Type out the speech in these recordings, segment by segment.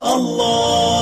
Allah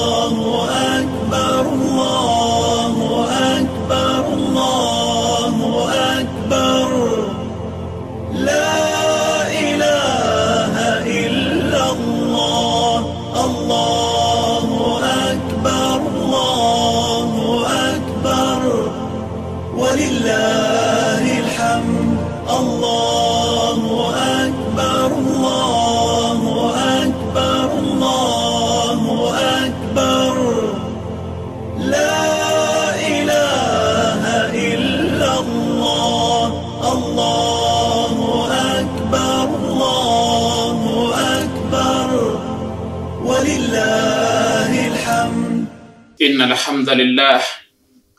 الحمد لله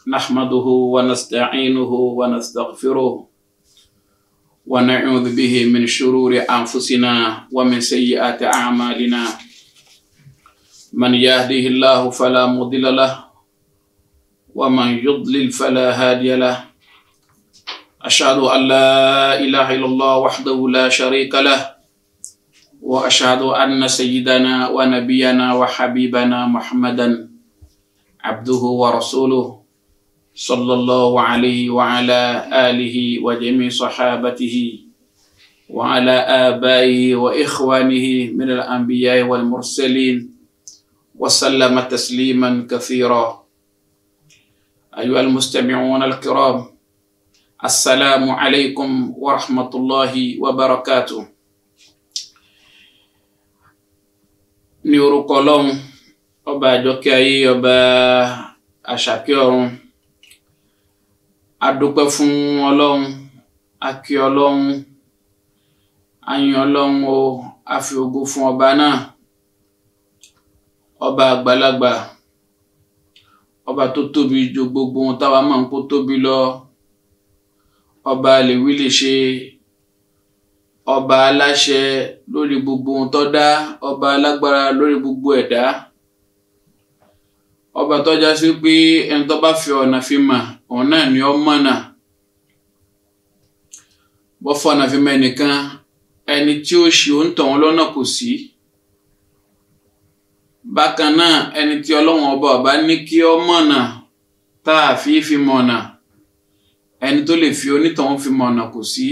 نحمده ونستعينه ونستغفره ونعوذ به من شرور أنفسنا ومن سيئات أعمالنا من يهده الله فلا مضل له ومن يضلل فلا هادي له أشهد أن لا إله إلا الله وحده لا شريك له وأشهد أن سيدنا ونبينا وحبيبنا محمدًا عبده ورسوله صلى الله عليه وعلى آله وجميع صحابته وعلى آبائه وإخوانه من الأنبياء والمرسلين وسلم تسليما كثيرا أيها المستمعون الكرام السلام عليكم ورحمة الله وبركاته نيورو كولوم ọba àjọkẹ́ ayé ọba àṣàkẹ́ ọ̀run adúpẹ́ fún ọlọ́run akí ọlọ́run ayin ọlọ́run o àfi ògo fún ọba náà ọba àgbàlagbà ọba tó tóbi ju gbogbo ohun táwa máa ń kó tóbi lọ ọba lèwí lè ṣe ọba aláṣẹ lórí gbogbo ohun tó dá ọba alágbára lórí gbogbo ẹ̀dá. E ọba tó já sí pé ẹni tó bá fi ọ̀nà fi mà òun náà ni ó mọ̀nà bọ́ fọ̀nà fi mọ ẹnìkan ẹni tí ó ṣe òun tọ̀hún lọ́nà kò sí bákan náà ẹni tí ọlọ́run ọba ọba ní kí ó mọ̀nà tá a fi fi mọ̀nà ẹni tó lè fi onítọ̀hún fi mọ̀nà kò sí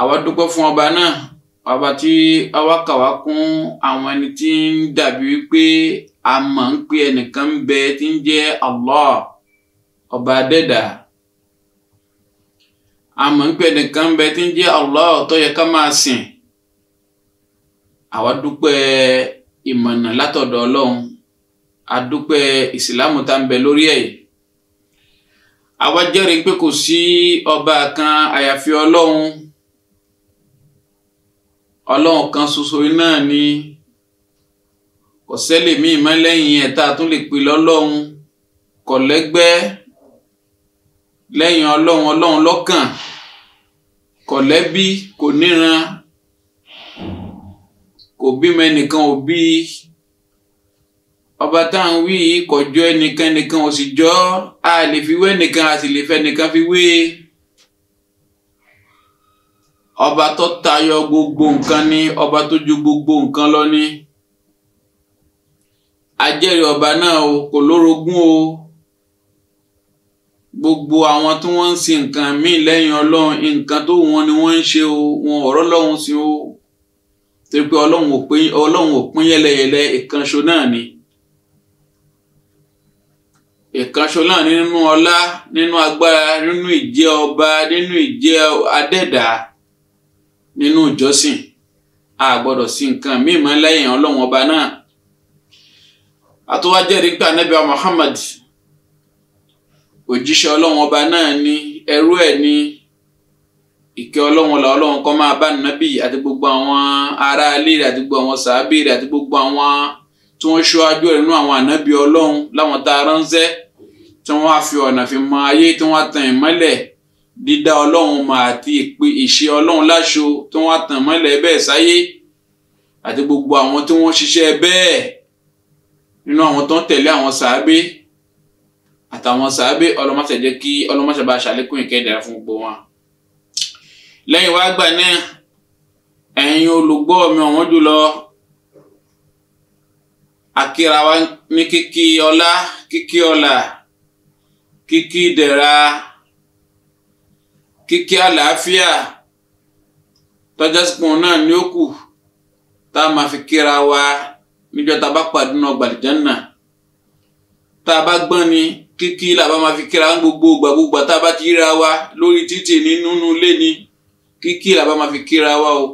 àwa dúpẹ́ fún ọba náà ọba tí awákàwá kún àwọn ẹni tí ń dàbí wípé a mọ̀ ń pé bẹ tí ń jẹ́ ọba a mọ̀ ń ẹnìkan bẹ tí ń jẹ́ Allah tó yẹ ká máa sìn àwa dúpẹ́ ìmọ̀nà látọ̀dọ̀ ọlọ́run a dúpẹ́ ìsìlámù lórí ẹ̀ ọlọ́run kan ṣoṣo náà ni kò sẹ́lẹ̀ míì mọ́ lẹ́yìn ẹ̀ tá a tún lè pè lọ́lọ́run kò lẹ́gbẹ́ lẹ́yìn ọlọ́run ọlọ́run lọ́kàn kò lẹ́bí kò níran kò bímọ ẹnìkan ò bí ọba tá à ń wí kò jọ ẹnìkan ẹnìkan ò sì jọ á lè fi wé ẹnìkan a sì lè fẹ́ ẹnìkan fi wé e ọba tó tayọ gbogbo nǹkan ní ọba tó ju gbogbo nǹkan lọ ní ajẹ́rìí ọba náà o kò lórogún o gbogbo àwọn tí wọ́n ń sin nǹkan míì lẹ́yìn ọlọ́run nǹkan tó wọn ni wọ́n ń ṣe o wọn ọ̀rọ̀ lọ́hùn sí o torí pé ọlọ́run ò pín yẹlẹyẹlẹ ìkanṣo náà ni ìkanṣo náà nínú ọlá nínú agbára nínú ìjẹ́ ọba nínú ìjẹ́ adẹ́dàá nínú ìjọsìn a gbọ́dọ̀ sí nǹkan míì mọ́ lẹ́yìn ọlọ́run ọba náà àtúwájẹ́rìí pé ànábì Muhammad òjíṣẹ́ ọlọ́run ọba náà ni ẹrú ẹ̀ ni ìkẹ́ ọlọ́run ọ̀la ọlọ́run kó máa bá nàbì àti gbogbo àwọn ará ilé rẹ̀ àti gbogbo àwọn sàábì rẹ̀ àti gbogbo àwọn tí wọ́n ṣọ́ájú rẹ̀ nínú àwọn ànábì ọlọ́run láwọn tá a ránṣẹ́ tí wọ́n á fi ọ̀nà fi mọ ayé tí wọ́n á tan ìmọ́lẹ̀ dídá ọlọ́run mà àti ìpè ìṣe ọlọ́run láṣo tí wọ́n tàn mọ́lẹ̀ bẹ́ẹ̀ sáyé àti gbogbo àwọn tí wọ́n ṣiṣẹ́ bẹ́ẹ̀ nínú àwọn tó ń tẹ̀lé àwọn sàábé àtàwọn sàábé ọlọ́mọṣẹ́jẹ́ kí ọlọ́mọṣẹ́bá ṣàlékún ìkẹ́dàá fún gbogbo wọn. lẹ́yìn wá gbà náà ẹ̀yin olùgbọ́ mi ọ̀wọ́n jùlọ akíra wa ní kíkí ọlá kíkí ọlà kíkí ìdẹ̀ra kíkí àlàáfíà tọ́jọ́sípò náà ni ó kù tá a máa fi kíra wa níjọ́ tá a bá pàdé náà gbàlìjánà tá a bá gbọ́n ni kíkí làbá máa fi kíra gbogbo gbàgbógbà tá a bá ti ríra wa lórí títì nínú ilé ni kíkí làbá máa fi kíra wa o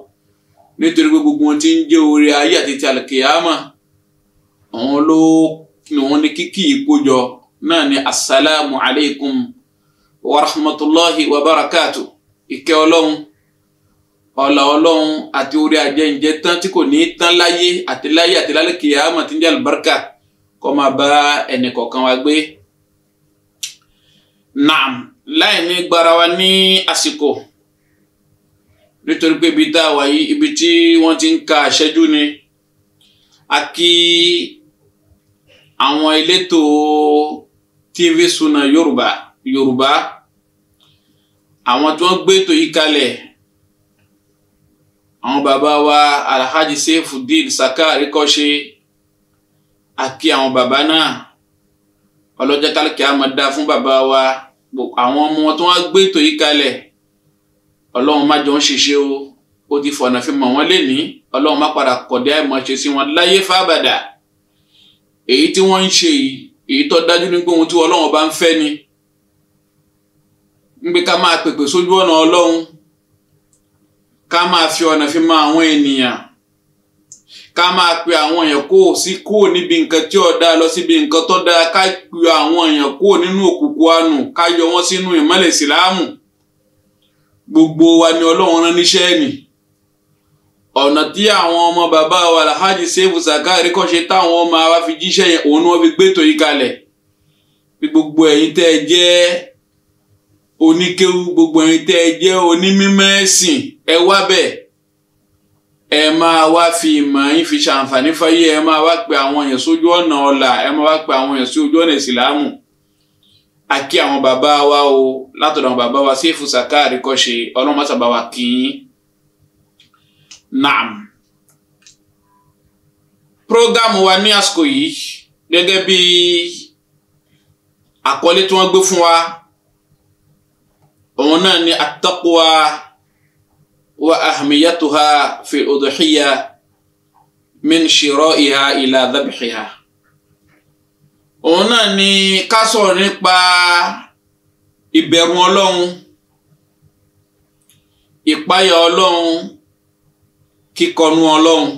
nítorí pé gbogbo wọn ti ń jẹ́ oore ayé àti ti àlùkìyàmọ̀ àwọn ló ni wọn ní kíkí ìkójọ náà ni asalaamu alaykum wa rahmatulahi wa barakatu ìkẹ́ ọlọ́run ọ̀là ọlọ́run àti orí ajẹ́njẹ́ tán tí kò ní í tán láyé àti láyé àti lálẹ́ kìyàmá tí ń jẹ́ àlùbáríkà kó máa bá ẹnì kọ̀ọ̀kan wa gbé. naam láì ní gbára wa ní àsìkò nítorí pé ibi tá a wà yìí ibi tí wọ́n ti ń ka àṣẹ́jú ni a kí àwọn elétò TV suna Yorùbá Yorùbá àwọn tí wọ́n gbé tó yí kalẹ̀ àwọn bàbá wa alhaji sefudin saka àríkọ́ṣe àkí àwọn bàbá náà ọlọ́jọ́ kálíkì àmọ́dá fún bàbá wa àwọn ọmọ tí wọ́n gbé tó yí kalẹ̀ ọlọ́run má jọ ń ṣiṣẹ́ o ó ti fọ̀nà fi mọ̀ wọ́n lénìí ọlọ́run má padà kọ̀dé àìmọ̀ sí wọn láyé fábàdà èyí tí wọ́n ń ṣe yìí èyí tó dájú ní tí ọlọ́run bá ń fẹ́ ni ń pé ká máa pèpè sójú ọ̀nà ọlọ́run ká máa fi ọ̀nà fi mọ àwọn ènìyàn ká máa pe àwọn èèyàn kó sí kúrò níbi nǹkan tí ò dáa lọ síbi nǹkan tó dáa ká pe àwọn èèyàn kúrò nínú òkùnkùn àánú ká yọ wọn sínú ìmọ́lẹ̀ ìsìláàmù gbogbo wa ni ọlọ́run rán níṣẹ́ ẹ̀nì ọ̀nà tí àwọn ọmọ bàbá wa alhaji seifu zakari kọ́ ṣe táwọn ọmọ wa fi jíṣẹ́ yẹn òun ni wọ́n fi gbé ètò kalẹ̀ gbogbo ẹ̀yin tẹ́ ẹ jẹ́ oníkéwu gbogbo ẹ̀yin tẹ́ ẹ jẹ́ onímímọ́ ẹ̀sìn ẹ wá bẹ̀ ẹ máa wá fi ìmọ̀ yín fi ṣàǹfààní fáyé ẹ máa wá pe àwọn èèyàn sójú ọ̀nà ọ̀la ẹ máa wá pe àwọn èèyàn sí ọ̀nà ìsìláàmù àkí àwọn bàbá wa o látọ̀dọ̀ àwọn bàbá wa Seifu Saka Àríkọ́ṣe ọlọ́mọṣàbá wa kì í naam prógámù wa ní àsìkò yìí gẹ́gẹ́ bí àkọlé tí wọ́n gbé fún wa òun náà ni at-taqwa wa ahmiyatuha fi udhiya min shira'iha ila dhabhiha òun náà ni ká sọ̀rọ̀ nípa ìbẹ̀rù ọlọ́run ìpáyà ọlọ́run kíkọnu ọlọ́run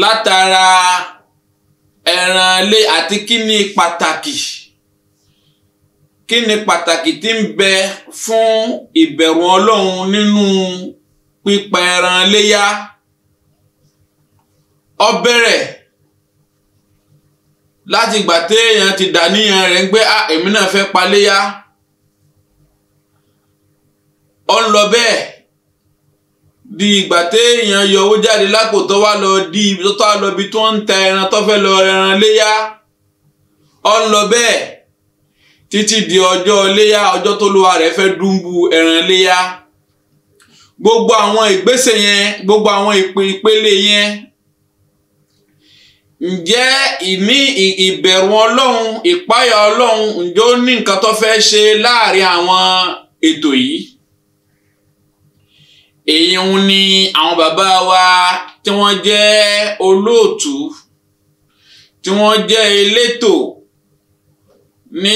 látara ẹran ilé àti kíní pàtàkì kí ni pàtàkì tí ń bẹ fún ìbẹ̀rù ọlọ́run nínú pípa ẹran léyá ó bẹ̀rẹ̀ láti ìgbà téèyàn ti dà níyàn rẹ̀ ń gbé à èmi náà fẹ́ pa léyá ó ń lọ bẹ́ẹ̀ di ìgbà téèyàn yọ jáde lápò wá lọ di ibi tó tó lọ ibi tó ń ta ẹran tó fẹ́ lọ ẹran léyá ó ń lọ bẹ́ẹ̀ títí di ọjọ́ iléyá ọjọ́ tó lówà rẹ̀ fẹ́ dúnbù ẹran iléyá gbogbo àwọn ìgbésẹ̀ yẹn gbogbo àwọn ìpele yẹn ǹjẹ́ ìní ìbẹ̀rù ọlọ́run ìpáyà ọlọ́run ǹjẹ́ ó ní nǹkan tó fẹ́ ṣe láàrin àwọn ètò yìí èyí ń ní àwọn bàbá wa tí wọ́n jẹ́ olóòtú tí wọ́n jẹ́ elétò ní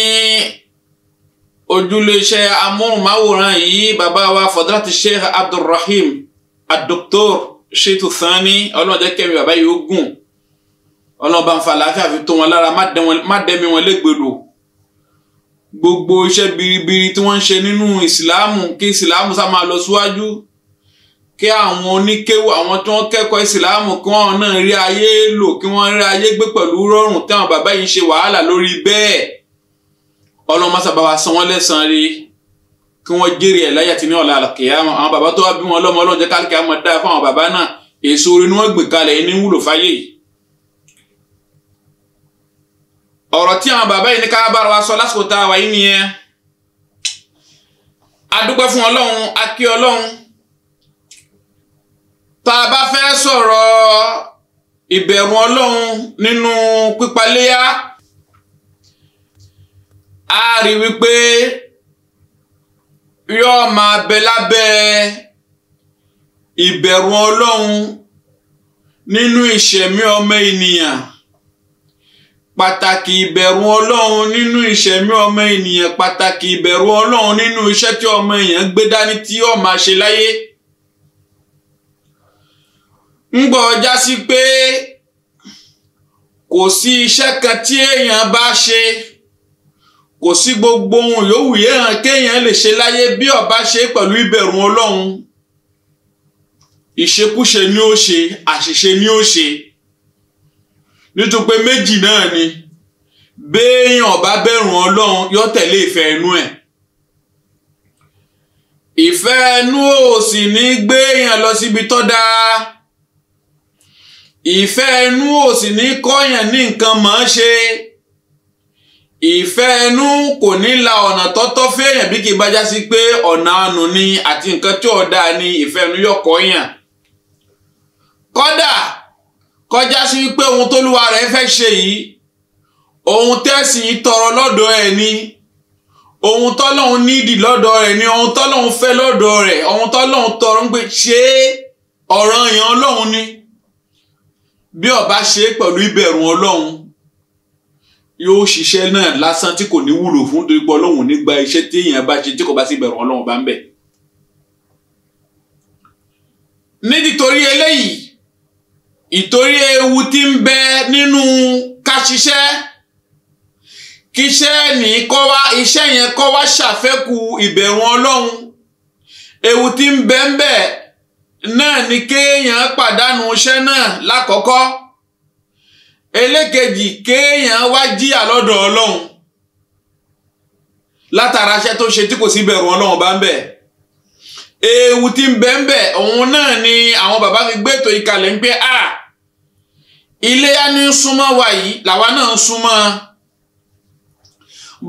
ojúléeṣẹ́ amóhùnmáwòrán yìí bàbá wa fadlat sheikh abdulrahim adoktor shitu thani ọlọ́jẹ́ kẹ́mi bàbá yìí ó gùn ọlọ́ba nfàlàáfíà fi tó wọn lára má dẹ́mi wọn légbodò gbogbo iṣẹ́ biribiri tí wọ́n ń ṣe nínú ìsìláàmù kí ìsìláàmù sá máa lọ síwájú kí àwọn oníkéwù àwọn tí wọ́n kẹ́kọ̀ọ́ ìsìláàmù kí wọ́n náà rí ayé lò kí wọ́n rí ayé gbé pẹ̀lú rọrùn tí àwọn bàbá yìí ń ṣe wàhálà lórí bẹ́ẹ̀ ọlọ́run máa sábà wa san wọ́n lẹ́sàn-án rí kí wọ́n jèrè ẹ̀ láyà tí ní ọ̀la àlàkìyàmọ̀ àwọn bàbá tó wá bí wọn lọ́mọ ọlọ́run jẹ́ káàkiri àmọ́ dáa fún àwọn bàbá náà èso orin ni wọ́n gbìn kalẹ̀ ní wúlò fáyé yìí. ọ̀rọ̀ tí àwọn bàbá yìí ní ká bára wa sọ lásìkò tá a wà yìí nìyẹn a dúpẹ́ fún ọlọ́run a ọlọ́run tá a bá fẹ́ sọ̀rọ̀ ìbẹ̀rù ọlọ́run nínú pípaléyà a rí wípé yóò máa bẹ lábẹ́ ìbẹ̀rù ọlọ́run nínú ìṣẹ̀mí ọmọ ènìyàn pàtàkì ìbẹ̀rù ọlọ́run nínú ìṣẹ̀mí ọmọ ènìyàn pàtàkì ìbẹ̀rù ọlọ́run nínú iṣẹ́ tí ọmọ èèyàn gbé dání tí ó máa ṣe láyé. ń gbọ́ ọjà sí pé kò sí iṣẹ́ kan tí èèyàn bá ṣe kò sí gbogbo ohun yòówù yéèyàn kéèyàn lè ṣe láyé bí ọba ṣe pẹ̀lú ìbẹ̀rù ọlọ́run ìṣekúṣe ni ó ṣe àṣìṣe ni ó ṣe nítorí pé méjì náà ni béèyàn ọba bẹ̀rù ọlọ́run yóò tẹ̀lé ìfẹ́ inú ẹ̀ ìfẹ́ inú ò sì ní gbéyàn lọ síbi tó dáa ìfẹ́ inú ò sì ní kọ́yàn ní nǹkan mọ̀ ọ́n ṣe ìfẹ́ ẹnu kò ní la ọ̀nà tọ́tọ́ fẹ́yàn bí kì í bá já sí pé ọ̀nà àánú ni àti nǹkan tí ọ̀dà ni ìfẹ́ ẹnu yọ̀ kọ́yàn. kódà kọjá sí pé ohun tóluwa rẹ̀ fẹ́ ṣe yìí ohun tẹ́sì tọrọ lọ́dọ̀ ẹ̀ ni ohun tọ́lọ́hun nídìí lọ́dọ̀ rẹ̀ ni ohun tọ́lọ́hun fẹ́ lọ́dọ̀ rẹ̀ ohun tọ́lọ́hun tọrọ ń pè ṣe ọ̀ranyàn Ọlọ́hun ni bí ó ṣe pẹ̀lú ìbẹ̀rù Ọlọ́hun yóò ṣiṣẹ́ náà lásán tí kò ní wúlò fún torí pé ọlọ́run nígbà iṣẹ́ téèyàn bá ṣe tí kò bá sì bẹ̀rù ọlọ́run bá ń bẹ̀. nítorí eléyìí ìtorí ewu tí ń bẹ nínú ká ṣiṣẹ́ kíṣẹ́ ní kọ́ wá iṣẹ́ yẹn kọ́ wá ṣàfẹ́kù ìbẹ̀rù ọlọ́run ewu tí ń bẹ ń bẹ náà ni kéèyàn pàdánù iṣẹ́ náà lákọ̀ọ́kọ́ ẹlẹ́kejì kéèyàn wá jíyà lọ́dọ̀ ọlọ́run látara aṣẹ́ tó ṣe tí kò sí bẹ̀rù ọlọ́run bá ń bẹ̀ ewu tí ń bẹ ń bẹ̀ òun náà ni àwọn bàbá fi gbé ìkàlẹ̀ ń pé a iléyá ní súnmọ́ wa yìí làwa náà ń súnmọ́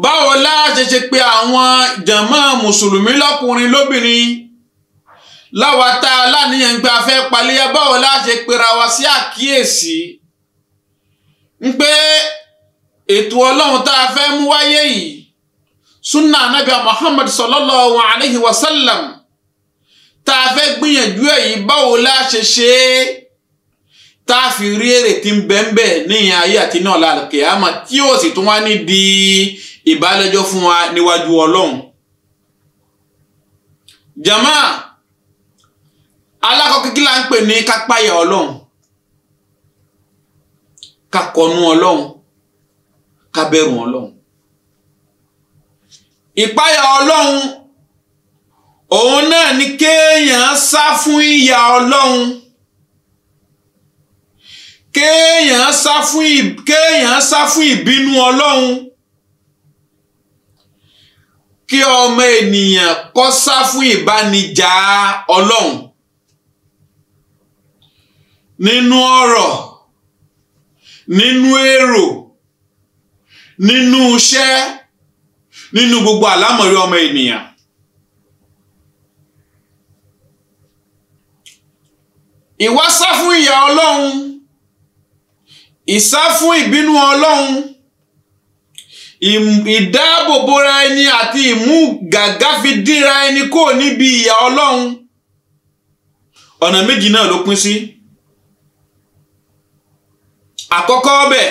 báwo láṣẹ ṣe pé àwọn jàmọ́ mùsùlùmí lọ́kùnrin lóbìnrin láwa tá a láníyàn pé fẹ́ paléyà báwo láṣẹ pera wa sí àkíyèsí. Si wípé ètò ọlọ́run tá a fẹ́ mú wáyé yìí sunna anabi muhammad sallallahu alayhi wa sallam tá a fẹ́ gbìyànjú ẹ̀ yìí báwo la ṣe ṣe é tá a fi rí èrè tí ń bẹ́ńbẹ́ níyàn ayé àti náà lálùkẹ́ àmọ́ tí ó sì tún wá ní di ìbálẹ́jọ́ fún wa níwájú ọlọ́run. jama alákọ̀ọ́kí ń pè ní kápáyà ọlọ́run ká kọnú ọlọ́run ká bẹ̀rù ọlọ́run ìpáyà ọlọ́run òun náà ni kéèyàn sá fún ìyà ọlọ́run kéèyàn sá fún kéèyàn sá fún ìbínú ọlọ́run kí ọmọ ènìyàn kó sá fún ìbánijà ọlọ́run nínú ọ̀rọ̀ nínú èrò nínú iṣẹ́ nínú gbogbo àlámọ̀rí ọmọ ènìyàn. ìwá sá fún ìyà ọlọ́run ìsá fún ìbínú ọlọ́run ìdáàbòbora ẹni àti ìmú gàgá fi dínra ẹni kò níbi ìyà ọlọ́run ọ̀nà méjì náà ló pín sí. Si àkọ́kọ́ bẹ̀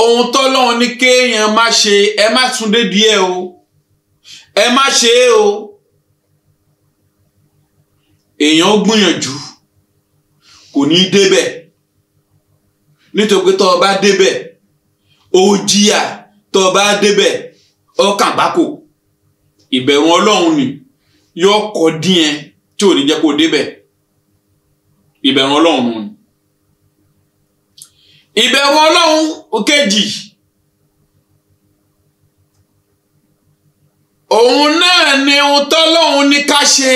ohun tọ́lọ́run ní kéèyàn má ṣe ẹ má tún débi ẹ o ẹ má ṣe é o èèyàn ó gbìyànjú kò ní í débẹ̀ nítorí pé tọ́ bá débẹ̀ ó jìyà tọ́ ọ bá débẹ̀ ó kàn gbáko ìbẹ̀rù ọlọ́run ni yóò kọ́ dín ẹ tí ò ní jẹ́ kó débẹ̀ ìbẹ̀rù ọlọ́run ni ìbẹ̀wò ọlọ́run kejì òun náà ni ohun tọ́lọ́run ní ká ṣe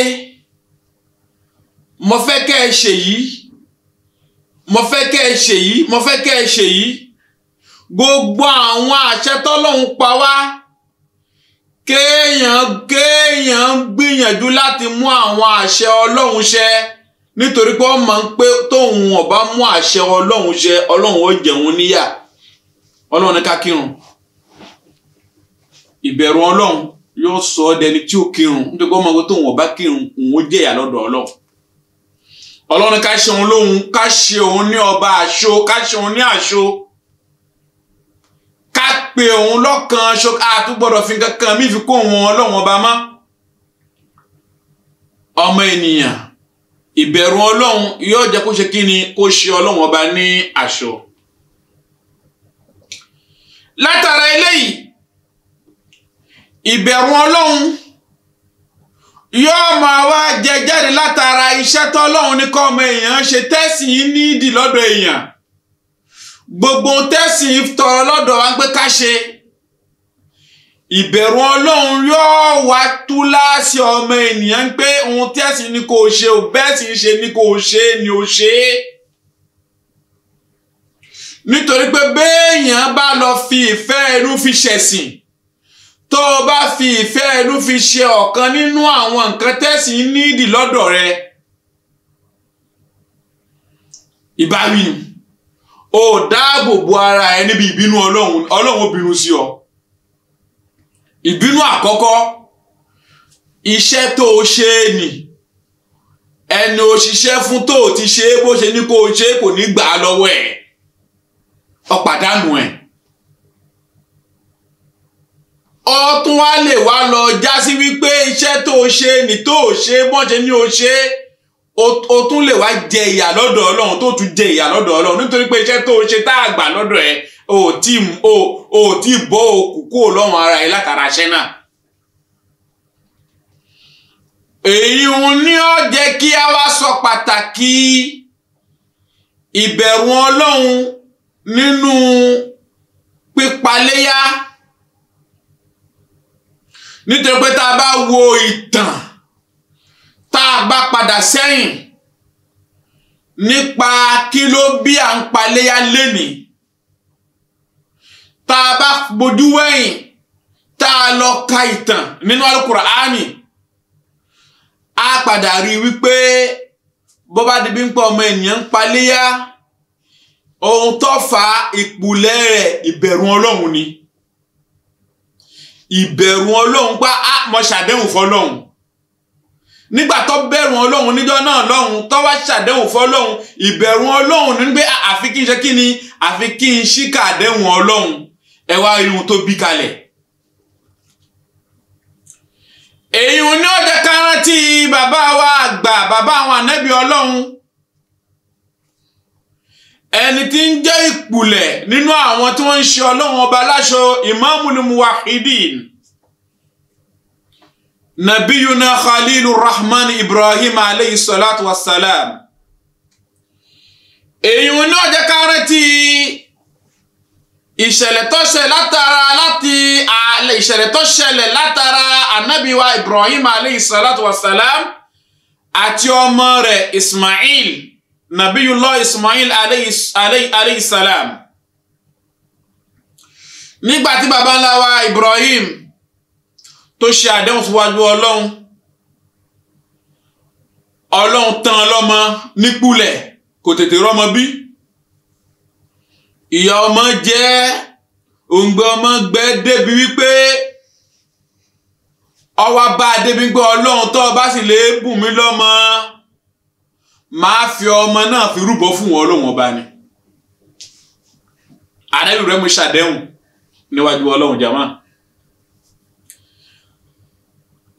mo fẹ́ kẹ́ ẹ ṣe yìí mo fẹ́ kẹ́ ẹ ṣe yìí mo fẹ́ kẹ́ ẹ ṣe yìí gbogbo àwọn àṣẹ tọ́lọ́run pa wá kéèyàn kéèyàn gbìyànjú láti mú àwọn àṣẹ ọlọ́run ṣẹ nítorí pé wọ́n máa ń pé tóun ọba mú àṣẹ ọlọ́run ṣe ọlọ́run ó jẹun níyà ọlọ́run ní ká kírun ìbẹ̀rù ọlọ́run yóò sọ ọ́ dẹni tí ó kírun nítorí pé wọ́n máa ń pé tóun ọba kírun òun ó jẹ̀yà lọ́dọ̀ ọlọ́run ọlọ́run ká ṣe òun lóhun ká ṣe òun ní ọba àṣọ ká ṣe òun ní àṣọ ká pe òun lọ́kàn ṣo àtúgbọ́dọ̀ fi kankan mí fi kó òun ọlọ́run ọba mọ́ ọmọ ènìyàn ìbẹ̀rù ọlọ́run yóò jẹ́ kó ṣe kí ni kó ṣe ọlọ́run ọba ní aṣọ. látara eléyìí ìbẹ̀rù ọlọ́run yóò máa wá jẹ jáde látara iṣẹ́ tọ́lọ́run ní kọ́ ọmọ èèyàn ṣe tẹ́sìn nídìí lọ́dọ̀ èèyàn gbogbo tẹ́sìn tọrọ lọ́dọ̀ wa ń pé ká ṣe ìbẹ̀rù ọlọ́run yóò wá túláàsì ọmọ ènìyàn pé ohun tí ẹ̀sìn ni kò ṣe ò bẹ́ẹ̀ sì ń ṣe ni kò ṣe ni ò ṣe é nítorí pé béèyàn bá lọ fi ìfẹ́ inú fi ṣẹ̀sìn tó o bá fi ìfẹ́ inú fi ṣe ọ̀kan nínú àwọn nǹkan tẹ̀sìn nídìí lọ́dọ̀ rẹ ìbáwí o dáàbò bo ara ẹ níbi ìbínú ọlọ́run ọlọ́run ó bínú sí ọ ìbínú àkọ́kọ́ iṣẹ́ tó o ṣe é nì ẹni o ṣiṣẹ́ fún tó o ti ṣe é bó ṣe ní kó o ṣe é kò ní gbà á lọ́wọ́ ẹ̀ ọ̀pàdánù ẹ̀ ọtún wá lè wá lọ já sí wípé iṣẹ́ tó o ṣe é nì tó o ṣe é bó ṣe ní o ṣe é o tún lè wá jẹ ìyà lọ́dọ̀ Ọlọ́run tó tún jẹ ìyà lọ́dọ̀ Ọlọ́run nítorí pé iṣẹ́ tó o ṣe tá a gbà lọ́dọ̀ ẹ̀ o ò tí o ò tí bọ́ òkú kúrò lọ́rùn ara ẹ látara iṣẹ́ náà. èyí ń ní ó jẹ́ kí a wá sọ pàtàkì ìbẹ̀rù ọlọ́run nínú pípaléyà nítorí pé tá a bá wo ìtàn tá a bá padà sẹ́yìn nípa kí ló bí à ń paléyà lénìí tá a bá gbojú wẹ̀yìn tá a lọ ka ìtàn nínú Al-Qur'ani a padà rí i wípé bó bá di bí ń pa ọmọ ènìyàn ń paléyà ohun tó fa ìpùlẹ̀ rẹ̀ ìbẹ̀rù ọlọ́run ni ìbẹ̀rù ọlọ́run pa á mọ ṣàdéhùn fọlọ́run nígbà tó bẹ̀rù ọlọ́run níjọ́ náà lọ́hùn tó wá ṣàdéhùn fọlọ́run ìbẹ̀rù ọlọ́run ní pé àfi kí n ṣe kí ni àfi kí n ṣíkà àdéhùn ọlọ́run ẹ wá rí ohun tó bí kalẹ̀ èyí ò ní ọjà kan rántí bàbá wa àgbà bàbá àwọn ànábì ọlọ́run ẹni tí ń jẹ́ ìpùlẹ̀ nínú àwọn tí wọ́n ń ṣe ọlọ́run ọba láṣọ Imamul Muwahhidin nabiyuna Khalilur Rahman Ibrahim aleyhi salatu wa salam èyí ò ní ọjà kan rántí ìṣẹ̀lẹ̀ tó ṣẹlẹ̀ látara láti ìṣẹ̀lẹ̀ tó ṣẹlẹ̀ látara anabiwa ibrahim aleyhi salatu wa salam àti ọmọ rẹ̀ ismail nabiyullah ismail aleyhi salam nígbà tí baba ńlá wa ibrahim tó ṣe àdéhùn síwájú ọlọ́run ọlọ́run tán lọ́mọ nípúlẹ̀ kò tètè rọ́mọ bí ìyá ọmọ jẹ́ òǹgbẹ ọmọ gbẹ débi wípé ọwọ́ bá a débi gbọ́ ọlọ́run tó o bá sì lè bùn mí lọ́mọ máa fi ọmọ náà fi rúbọ fún wọn ọlọ́run ọba ni àdébí rẹ mo ṣàdéhùn níwájú ọlọ́run jàmá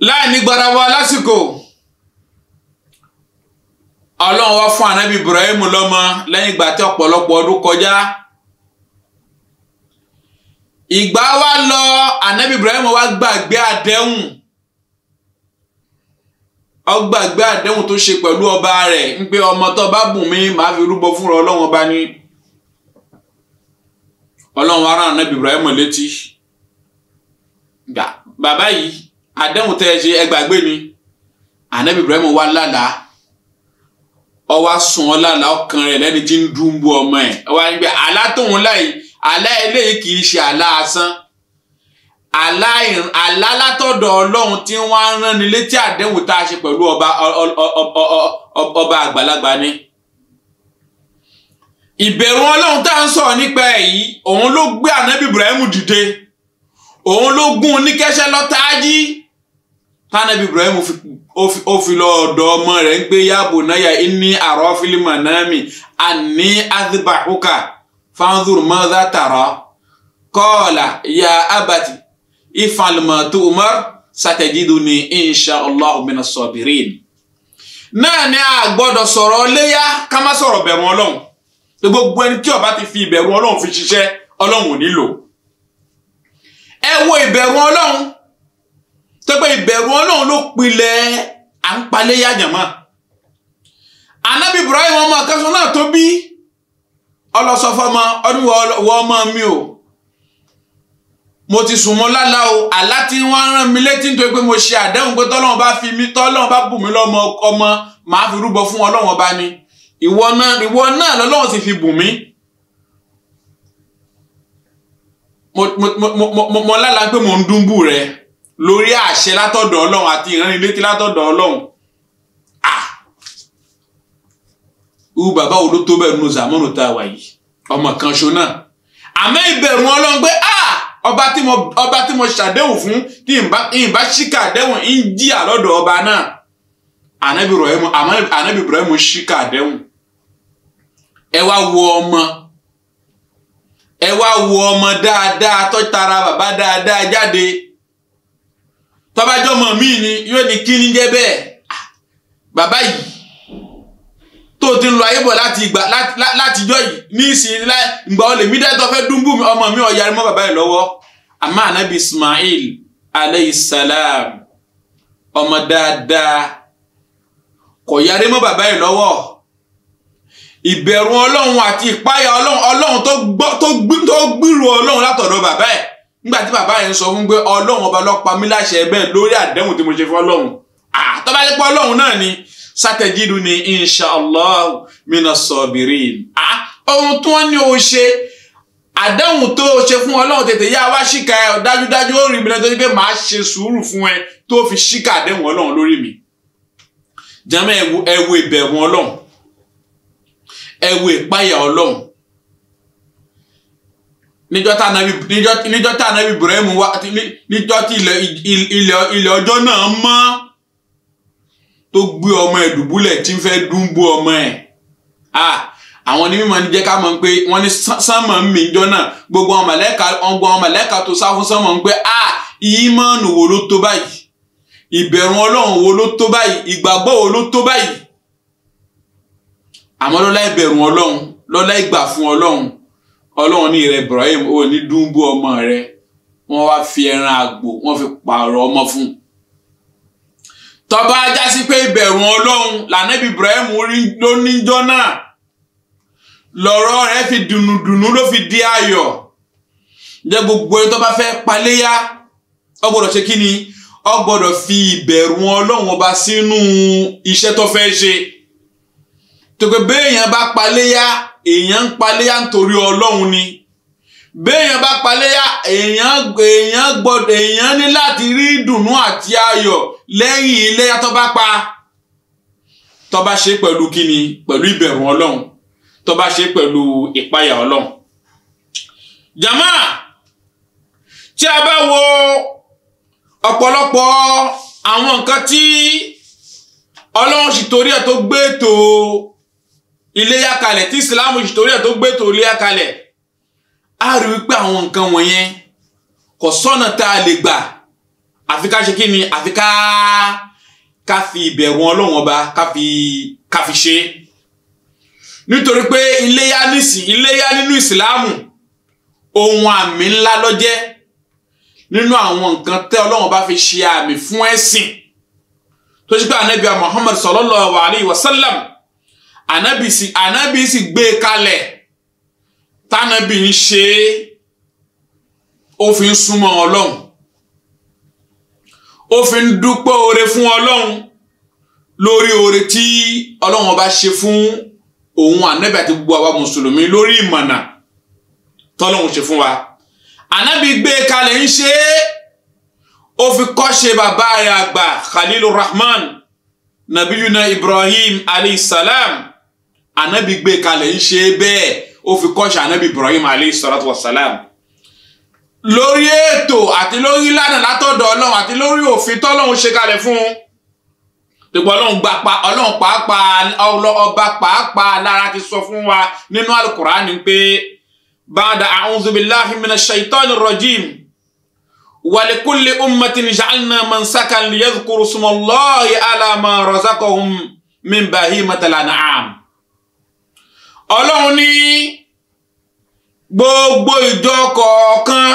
láì ní gbarawa lásìkò ọlọ́run wá fún ànábì Ibrahim lọ́mọ lẹ́yìn ìgbà tí ọ̀pọ̀lọpọ̀ ọdún kọjá ìgbà wa lọ anabi ibrahim wa gbàgbé àdéhùn ó gbàgbé àdéhùn tó ṣe pẹ̀lú ọba rẹ̀ ń pé ọmọ tó bá bùn mí màá fi rúbọ fúnra ọlọ́run ọba ní ọlọ́run ara anabi ibrahim létí gbà bàbá yìí àdéhùn tẹ́ ẹ ṣe ẹ ni anabi ibrahim wa lálàá ó wá sùn ọ́ lálàá ọkàn rẹ̀ lẹ́ni tí ń dùn bú ọmọ ẹ̀ ó wá ń láyìí àlá eléyìí kì í ṣe àlá asán àlá látọ̀dọ̀ ọlọ́run tí wọ́n á rán ni létí àdéhùn tá a ṣe pẹ̀lú ọba ọba àgbàlagbà ni ìbẹ̀rù ọlọ́run tá à ń sọ̀rọ̀ nípa ẹ̀ yìí òun ló gbé ànábì Ibrahim dìde òun ló gún un ní kẹ́sẹ́ lọ́táájí tánàbí Ibrahim ó fi lọ ọ̀dọ̀ ọmọ rẹ̀ ń gbé yáàbò náyà ní àrọ́ fílímù náà mi àní àdìbàkúkà fanzur mọ́dá tààrọ́ kọ́ọ̀là ya abati ifalmatu umar satajiduni insha allah mina sọbirin. náà ni a gbọ́dọ̀ sọ̀rọ̀ léyà ká má sọ̀rọ̀ bẹ̀rù ọlọ́run gbogbo ẹni tí ó bá ti fi ìbẹ̀rù ọlọ́run fi ṣiṣẹ́ ọlọ́run ò nílò ẹ wo ìbẹ̀rù ọlọ́run tó pé ìbẹ̀rù ọlọ́run ló pilẹ̀ à ń palẹ́yà jàmá anabi ibrahim ọmọ akásùn náà tó bí ọlọ́sọfọ́mọ ọdún wọ ọmọ mi o mo ti sùn mọ́ lálá o àlá tí wọ́n rán mi létí nítorí pé mo ṣe àdéhùn pé tọ́lọ́run bá fi mi tọ́lọ́run bá bù mí lọ́mọ ọmọ màá fi rúbọ fún ọlọ́run ọba ni ìwọ náà ìwọ náà lọ́lọ́run sì fi bù mí. mo lálàá pé mo ń dúnbù rẹ lórí àṣẹ látọ̀dọ̀ ọlọ́run àti ìránnilétí látọ̀dọ̀ ọlọ́run irú Baba wo ló tó bẹ́ẹ̀ nu zamanu tá a wà yìí ọmọ kan ṣo náà àmọ́ ìbẹ̀rù Ọlọ́run pé ah! ọba tí mo ọba tí mo ṣàdéhùn fún kí n bá ṣíkà àdéhùn ń jìyà lọ́dọ̀ ọba náà ànábì Ibrahim ànábì Ibrahim ṣíkà àdéhùn ẹ wá wo ọmọ ẹ wá wo ọmọ dáadáa tó bàbá dáadáa jáde tọ́bájọ́mọ míì ni yóò ní kí ni jẹ́ bẹ́ẹ̀ ah! bàbá yìí tó ti ń lo ayébọ̀ láti ìgbà látijọ́ yìí ní ìsìn ìgbà olè mí dẹ́tọ́ fẹ́ dúnbù ọmọ mi ò yarí mọ́ bàbá yìí lọ́wọ́ àmọ́ ànábì Ismail aleyhisalaam ọmọ dáadáa kò yarí mọ́ bàbá yìí lọ́wọ́ ìbẹ̀rù ọlọ́run àti ìpáyà ọlọ́run tó gbìrò ọlọ́run látọ̀dọ̀ bàbá ẹ̀ nígbà tí bàbá yẹn sọ fún pé ọlọ́run ọba ló pa láṣẹ bẹ́ẹ̀ lórí àdéhùn tí mo ṣe fún ọlọ́run àtọ́bálẹ́pọ̀ ọlọ́run náà ni sátẹjídù ni inshàlá mina sọbìrì ah ohun tí wọn ní o ṣe àdéhùn tó o ṣe fún Ọlọ́run tètè yá wá ṣìkà ẹ dájúdájú ó rìn bílẹ̀ tó ní pé màá ṣe sùúrù fún ẹ tó fi ṣìkà àdéhùn Ọlọ́run lórí mi jẹmọ ẹwọ ìbẹ̀rù Ọlọ́run ẹwọ ìpáyà Ọlọ́run níjọ́ tá ànábì Ibrahim wá níjọ́ tí ilẹ̀ ọjọ́ náà mọ́ tó gbé ọmọ ẹ̀ dùbúlẹ̀ tí ń fẹ́ dúnbó ọmọ ẹ̀ àwọn ní mímọ̀ ní jẹ́ ká mọ̀ pé wọ́n ní sánmọ̀ ń mì jọ náà gbogbo àwọn mọ̀lẹ́ka ọgbọ̀n àwọn mọ̀lẹ́ka tó sá fún sánmọ̀ ń pé a ìmọ̀nù wo ló tó báyìí ìbẹ̀rù ọlọ́run wo ló tó báyìí ìgbàgbọ́ wo ló tó báyìí àmọ́ lọ́lá ìbẹ̀rù ọlọ́run lọ́lá ìgbà fún ọlọ́run ọlọ́run ní rẹ̀ Ibrahim ó ní dúnbó ọmọ rẹ̀ wọ́n wá fi ẹran àgbò wọ́n fi pààrọ̀ ọmọ fún un tọ́ba ajá sí pé ìbẹ̀rù ọlọ́run lànàbí Ibrahim rí lóníjọ́ náà lọ́rọ̀ rẹ̀ fi dùnùdùnù ló fi di ayọ̀ jẹ́ gbogbo ẹni tó bá fẹ́ paléyà ó gbọ́dọ̀ ṣe kí ni ó gbọ́dọ̀ fi ìbẹ̀rù ọlọ́run ọba sínú iṣẹ́ tó fẹ́ ṣe tó pé béèyàn bá paléyà èèyàn ń paléyà nítorí ọlọ́run ni béèyàn bá paléyà èèyàn èèyàn gbọ́dọ̀ èèyàn ní láti rí ìdùnnú àti ayọ̀ lẹ́yìn iléyà tó bá pa tó bá ṣe pẹ̀lú kíni pẹ̀lú ìbẹ̀rù Ọlọ́run tó bá ṣe pẹ̀lú ìpayà Ọlọ́run. jama tí a bá wo ọ̀pọ̀lọpọ̀ àwọn nǹkan tí Ọlọ́run sì torí ẹ̀ tó gbé ètò iléyà kalẹ̀ tí Islam sì torí ẹ̀ tó gbé ètò iléyà kalẹ̀ a rí wípé àwọn nǹkan wọ̀nyẹn kò sọ́nà tá a lè gbà àfi ká ṣe kí ni àfi ká ká fi ìbẹ̀rù ọlọ́run ọba ká fi ká fi ṣe nítorí pé iléyá nísìn iléyá nínú ìsìláàmù ohun àmì ńlá ló jẹ́ nínú àwọn nǹkan tẹ́ ọlọ́run bá fi ṣe àmì fún ẹ̀sìn tó ṣe pé anabi muhammad sallallahu alayhi wa sallam anabi sì anabi sì gbé e kalẹ̀ tánàbí ń ṣe é ó fi ń súnmọ́ ọlọ́run ó fi ń dúpẹ́ oore fún ọlọ́run lórí oore tí ọlọ́run ọba ṣe fún òun ànábì àti gbogbo àwa mùsùlùmí lórí ìmọ̀nà tọ́lọ́run ṣe fún wa ànábì gbé e kalẹ̀ ń ṣe é ó fi kọ́ṣe bàbá rẹ̀ àgbà Khalilur Rahman nabiyuna Ibrahim alayhisalam ànábì gbé e kalẹ̀ ń ṣe é bẹ́ẹ̀ ó fi kọ́ṣà anábì Ibrahim alayhi salatu wa salam lórí ètò àti lórí ìlànà látọ̀dọ̀ ọlọ́run àti lórí òfin tọ́lọ́run ṣe kalẹ̀ fún un tẹ̀gbọ́n ọlọ́run gba pa ọlọ́run pàápàá ọba pàápàá lára ti sọ fún wa nínú alukur'ani pé bàdà a'udhu billahi minash shaitani rajim walikulli ummatin ja'alna mansakan liyadhkuru smallahi ala ma razaqahum min bahimatil an'am ọlọ́run ní gbogbo ìjọ kọ̀ọ̀kan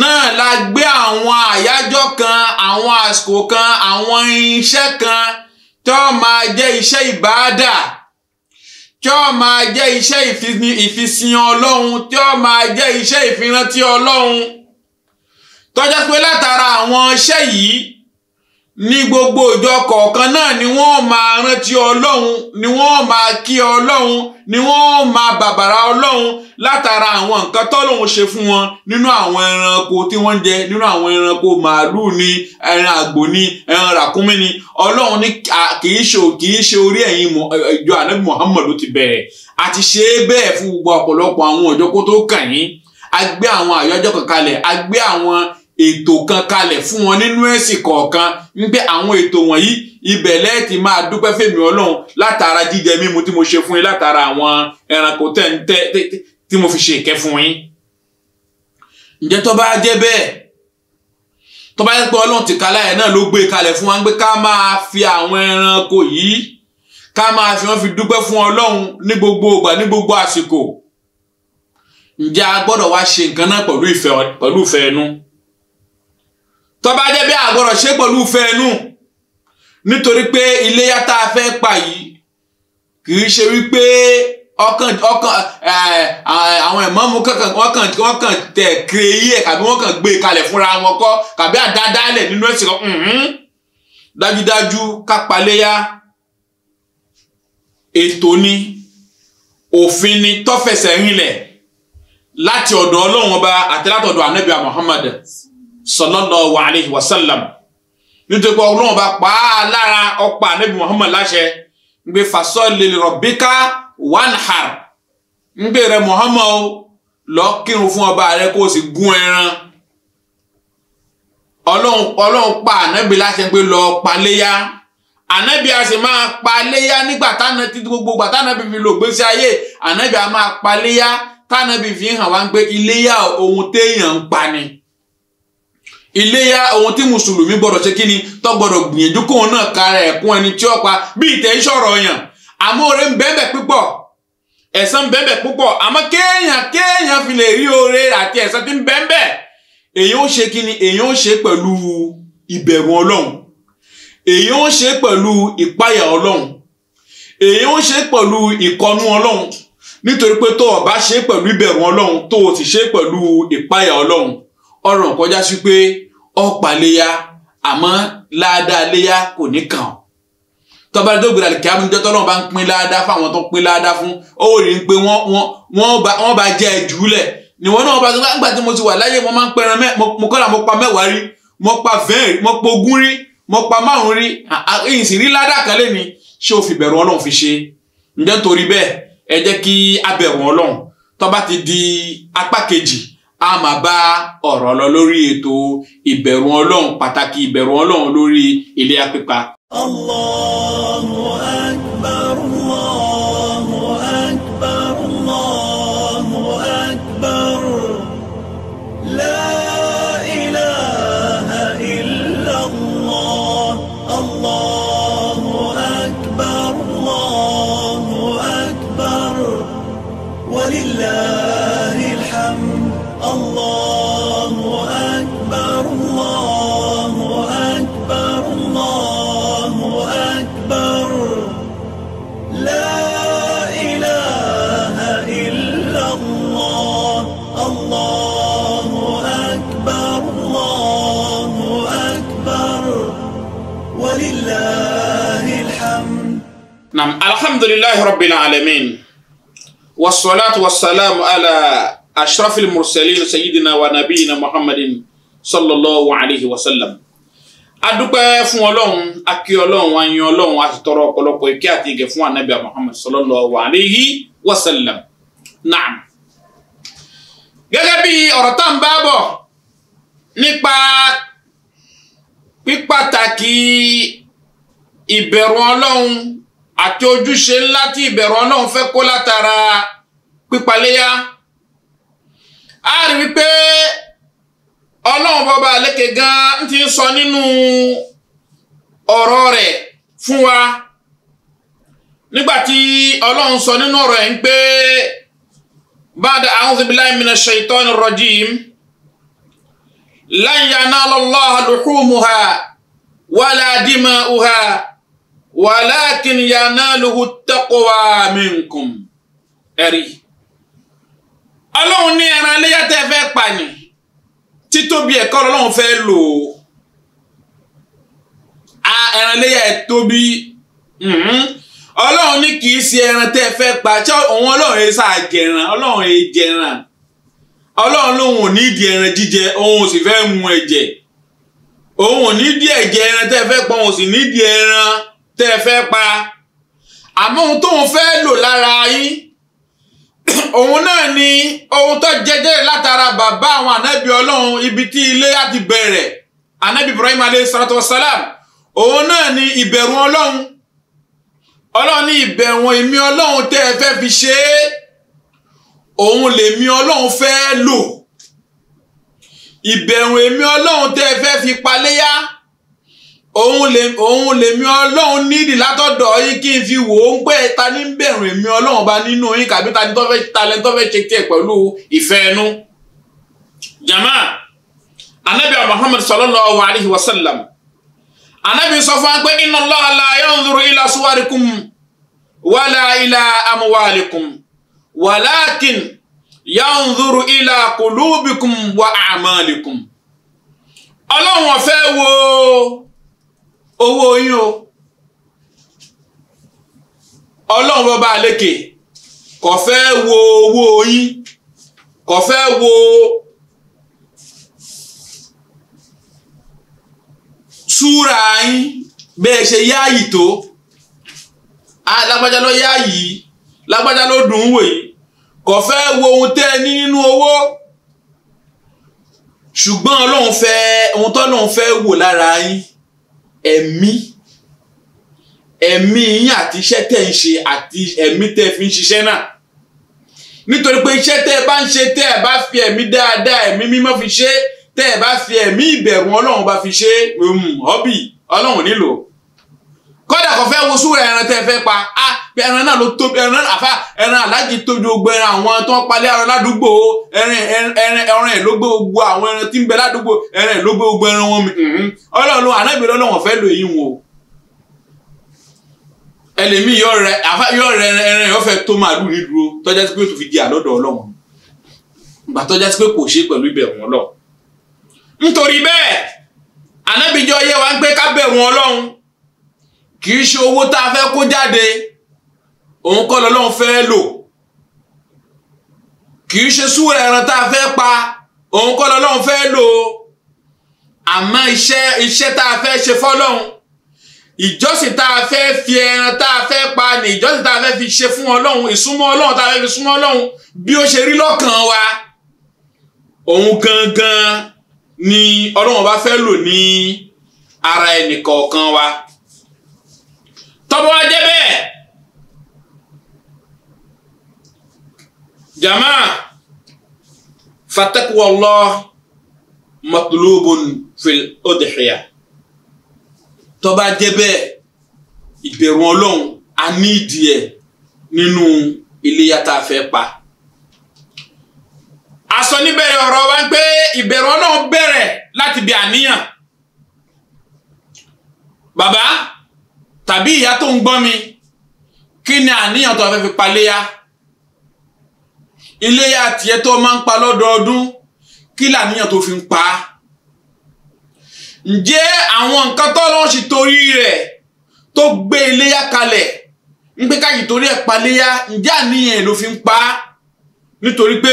náà la gbé àwọn àyájọ́ kan àwọn àsìkò kan àwọn iṣẹ́ kan tó máa jẹ́ iṣẹ́ ìbáàdà tí ó máa jẹ́ iṣẹ́ ìfisìn ọlọ́run tí ó máa jẹ́ iṣẹ́ ìfirántí ọlọ́run tó jẹ́ pé látara àwọn iṣẹ́ yìí ní gbogbo ìjọ kọ̀ọ̀kan náà ni wọ́n máa rántí ọlọ́run ni wọ́n máa kí ọlọ́run ni wọ́n máa bàbàrà ọlọ́run látara àwọn nǹkan tọ́lọ́run ṣe fún wọn nínú àwọn ẹranko tí wọ́n ń jẹ nínú àwọn ẹranko màálù ni ẹran àgbò ni ẹran ràkúnmí ni ọlọ́run ní kìí ṣe kìí ṣe orí ẹ̀yìn ìjọ ànábì Muhammad ló ti bẹ̀rẹ̀ àti ṣe é bẹ́ẹ̀ fún gbogbo ọ̀pọ̀lọpọ̀ àwọn ọjọ́ kó tó kàn yín a gbé àwọn àyájọ́ kan a gbé àwọn ètò kan kalẹ̀ fún wọn nínú ẹ̀sìn kọ̀ọ̀kan wípé àwọn ètò wọ̀nyí ibẹ̀ lẹ́ẹ̀tì máa dúpẹ́ fèmí ọlọ́run látara jíjẹ mímu tí mo ṣe fún yín látara àwọn ẹranko tẹ̀ ń tẹ́ tí mo fi ṣe ìkẹ́ fún yín. ǹjẹ́ tó bá jẹ́ bẹ́ẹ̀ tó bá jẹ́ pé ọlọ́run tìkálá ẹ̀ náà ló gbé kalẹ̀ fún wa pé ká máa fi àwọn ẹranko yìí ká máa fi wọn fi dúpẹ́ fún ọlọ́run ní gbogbo ìgbà ní gbogbo àsìkò ǹjẹ́ a gbọ́dọ̀ wá ṣe nǹkan náà pẹ̀lú ìfẹ́ ẹnu. No? tó bá jẹ́ bí àgbọ̀rọ̀ ṣe pẹ̀lú fẹ́ẹ́nù nítorí pé iléyà tá a fẹ́ pa yìí kì í ṣe wípé ọkàn ọkàn àwọn ìmáàmù kankan wọ́n kàn wọ́n kàn tẹ̀ kéré ẹ̀ kàbí wọ́n kàn gbé e kalẹ̀ fúnra wọn kọ́ kàbí àdádálẹ̀ nínú ẹ̀sìn kan dájúdájú kápaléyà ètò ni òfin ni tó fẹsẹ̀ rinlẹ̀ láti ọ̀dọ̀ ọlọ́run ọba àti látọ̀dọ̀ ànábìà Muhammad sallallahu alayhi wa sallam nítorí pé ọlọ́run bá pa á lára ọ̀pá ànábì muhammad láṣẹ ń gbé fasọ́ọ̀lì rọ̀bíkà wanhar ń gbé rẹ muhammad lọ kírun fún ọba rẹ kó o sì gún ẹran ọlọ́run ọlọ́run pa ànábì láṣẹ pé lọ paléyà ànábì a sì máa paléyà nígbà táná títí gbogbo gbà tánábì fi lò gbèsè ayé ànábì a máa paléyà tánábì fi hàn wá pé iléyà ohun téèyàn ń pa ni iléyà ohun tí mùsùlùmí gbọ́dọ̀ ṣe kíni tó gbọ́dọ̀ gbìyànjú kóun náà kára ẹkún ẹni tí ó pa bí ìtẹ ìṣòro yàn àmóore ń bẹ́ẹ̀ bẹ́ẹ̀ púpọ̀ ẹ̀san ń bẹ́ẹ̀ bẹ́ẹ̀ púpọ̀ àmọ́ kéèyàn kéèyàn fi lè rí oore àti ẹ̀san tí ń bẹ́ẹ̀ bẹ́ẹ̀ èyàn ó ṣe kíni èyàn ó ṣe pẹ̀lú ìbẹ̀rù ọlọ́run èyàn ó ṣe pẹ̀lú ìpáyà ọlọ́run èyàn ó ṣe pẹ̀lú ìkọnú ọlọ́run nítorí pé tó o ṣe pẹ̀lú ìbẹ̀rù ọlọ́run tó o sì ṣe pẹ̀lú ìpáyà ọlọ́run ọ̀ràn kọjá sí pé ọ̀pá léyà àmọ́ ládàá léyà kò ní kàn ọ́ tọ́ba tó gbèrè àlìkí àmújọ́ tọ́lọ́ bá ń pín ládàá fáwọn tó pín ládàá fún ó rí i pé wọ́n bá jẹ́ ẹ̀júlẹ̀ níwọ̀n náà bá gbà gbà tí mo ti wà láyé mo máa ń pẹran mo kọ́ra mo pa mẹ́wàá rí mo pa vẹ́ẹ̀ rí mo pa ogún rí mo pa márùn rí èyí sì rí ládàá kan lẹ́ni ṣé o fi bẹ̀rù ọlọ́run fi ṣe ǹjẹ́ torí bẹ́ẹ̀ ẹ jẹ́ kí a bẹ̀rù ọlọ́run tọ́ba ti di apá kejì a máa bá ọ̀rọ̀ lọ lórí ètò ìbẹ̀rù ọlọ́run pàtàkì ìbẹ̀rù ọlọ́run lórí ilé apípa. Allahu alhamdulilahi rabbil alamin wasalaatu wasalaamu ala ashrafil mursalin sayyidina wa nabiyina muhammadin sallallahu alayhi wa sallam adúpẹ́ fún ọlọ́run akí ọlọ́run ayin ọlọ́run asitọ́rọ̀ ọ̀pọ̀lọpọ̀ ìkẹ́ àti ìgẹ̀ fún anabi muhammad sallallahu alayhi wa sallam naam gẹ́gẹ́ bí ọ̀rọ̀ tá à ń pípàtàkì ìbẹ̀rù ọlọ́run àti ojúṣe ńlá tí ìbẹ̀rù Ọlọ́run fẹ́ kó látara a rí wípé Ọlọ́run bọba àlékè gan ti ń sọ nínú ọ̀rọ̀ rẹ̀ fún wa nígbàtí Ọlọ́run sọ nínú ọ̀rọ̀ ẹ̀ ń pé ba'da a'udhu billahi minash shaitani rrajim lan yanala Allaha luhumuha wala dima'uha. ولكن يناله التقوى منكم. ẹ̀rí ọlọ́run ní ẹran iléyà tẹ́ fẹ́ pààyàn títóbi ẹ̀kọ́ ọlọ́run fẹ́ lò ó ẹran iléyà ẹ̀ tóbi mm-hmm. ọlọ́run ní kì í ṣe ẹran tẹ́ fẹ́ pa ṣé òun ọlọ́run ẹ̀ sáà jẹran ọlọ́run ẹ̀ jẹran ọlọ́run lòun ò ní ìdí ẹran jíjẹ òun ò sì fẹ́ mu ẹ̀jẹ̀ òun ò ní ìdí ẹ̀jẹ̀ ẹran tẹ́ fẹ́ pọ̀ òun ò sì ní ìdí ẹran tẹ́ ẹ fẹ́ pa àmọ́ ohun tóun fẹ́ lò lára yín òun náà ni ohun tó jẹjẹ látara bàbá àwọn ànábì ọlọ́run ibi tí ilé á ti bẹ̀rẹ̀ ànábì Ibrahim alayhi salatu salam òun náà ni ìbẹ̀rù ọlọ́run ọlọ́run ní ìbẹ̀wọ̀n èmi ọlọ́run tẹ́ ẹ fẹ́ fi ṣe é òun lèmi ọlọ́run fẹ́ lò ìbẹ̀wọ̀n èmi ọlọ́run tẹ́ ẹ fẹ́ fi paléyà òun lèmi ọlọ́run nídìí látọ̀dọ̀ yín kí n fi wò ó ń pé ta ní bẹ̀rù èmi ọlọ́run bá nínú yín kàbí ta ní tó fẹ́ ṣe tiẹ̀ pẹ̀lú ìfẹ́ ẹnu. jama anabi muhammad sallallahu alayhi wa sallam anabi owó yín o ọlọ́run bọ́ba àlékè kò fẹ́ wo owó yín kò fẹ́ wo súra yín bẹ́ẹ̀ ṣe yáàyì tó alágbájá ló yáàyì lágbájá ló dùn ún wò yìí kò fẹ́ wo ohun tẹ́ ẹ ní nínú owó ṣùgbọ́n ọlọ́run fẹ́ ohun tọ́lọ́run fẹ́ wò lára yín ẹ̀mí ẹ̀mí yín àti iṣẹ́ tẹ̀ ń ṣe àti ẹ̀mí tẹ̀ fi ń ṣiṣẹ́ náà nítorí pé iṣẹ́ tẹ́ ẹ bá ń ṣe tẹ́ ẹ bá fi ẹ̀mí dáadáa ẹ̀mí mímọ́ fi ṣe tẹ́ ẹ bá fi ẹ̀mí ìbẹ̀rù ọlọ́run bá fi ṣe ọ̀bì um, ọlọ́run nílò kọ́dà kò fẹ́ wo ẹran tẹ́ fẹ́ pa á ẹran náà ló tóbi ẹran àfa ẹran aláàjì ẹran àwọn tó ń palẹ̀ ẹran ládùúgbò ẹran ẹran ẹran ẹ̀ ló gbé gbogbo àwọn ẹran tí ń ládùúgbò ẹran ẹ̀ ló gbé gbogbo ẹran wọn mi ọlọ́run anábì lọ́lọ́wọ̀n fẹ́ lò kì í ṣe owó tá a fẹ́ kó jáde òun kọ́ lọ́lọ́run fẹ́ lò kì í ṣe súwèé ẹran tá a fẹ́ pa òun kọ́ lọ́lọ́run fẹ́ lò àmọ́ iṣẹ́ iṣẹ́ tá a fẹ́ ṣe fọ́lọ́run ìjọsìn tá a fẹ́ fi ẹran tá a fẹ́ pa ni ìjọsìn tá a fẹ́ fi ṣe fún ọlọ́run ìsúnmọ́ ọlọ́run tá a fẹ́ fi súnmọ́ ọlọ́run bí ó ṣe rí lọ́kàn wa òun gangan ni ọlọ́run bá fẹ́ lò ní ara ẹnìkọ̀ọ̀kan wa tọ́bọ̀ wá jẹ́ bẹ́ẹ̀ jama fatakuwa Allah matlubun fil udhiya tọ́bọ̀ wá jẹ́ bẹ́ẹ̀ ìbẹ̀rù ọlọ́run a ní ìdí ẹ̀ nínú iléyà tá a fẹ́ pa a níbẹ̀rẹ̀ ọ̀rọ̀ wa pé ìbẹ̀rù ọlọ́run bẹ̀rẹ̀ láti bí àníyàn bàbá tàbí ìyá tó ń gbọ́ mi kí ni àníyàn tó fẹ́ fi paléyà iléyà tiẹ̀ tó máa ń pa lọ́dọọdún kí làníyàn tó fi ń pa á ǹjẹ́ àwọn nǹkan tó lọ́n sì torí rẹ̀ tó gbé iléyà kalẹ̀ ń pé káyì torí ẹ̀ paléyà ǹjẹ́ àníyàn ẹ̀ ló fi ń pa á nítorí pé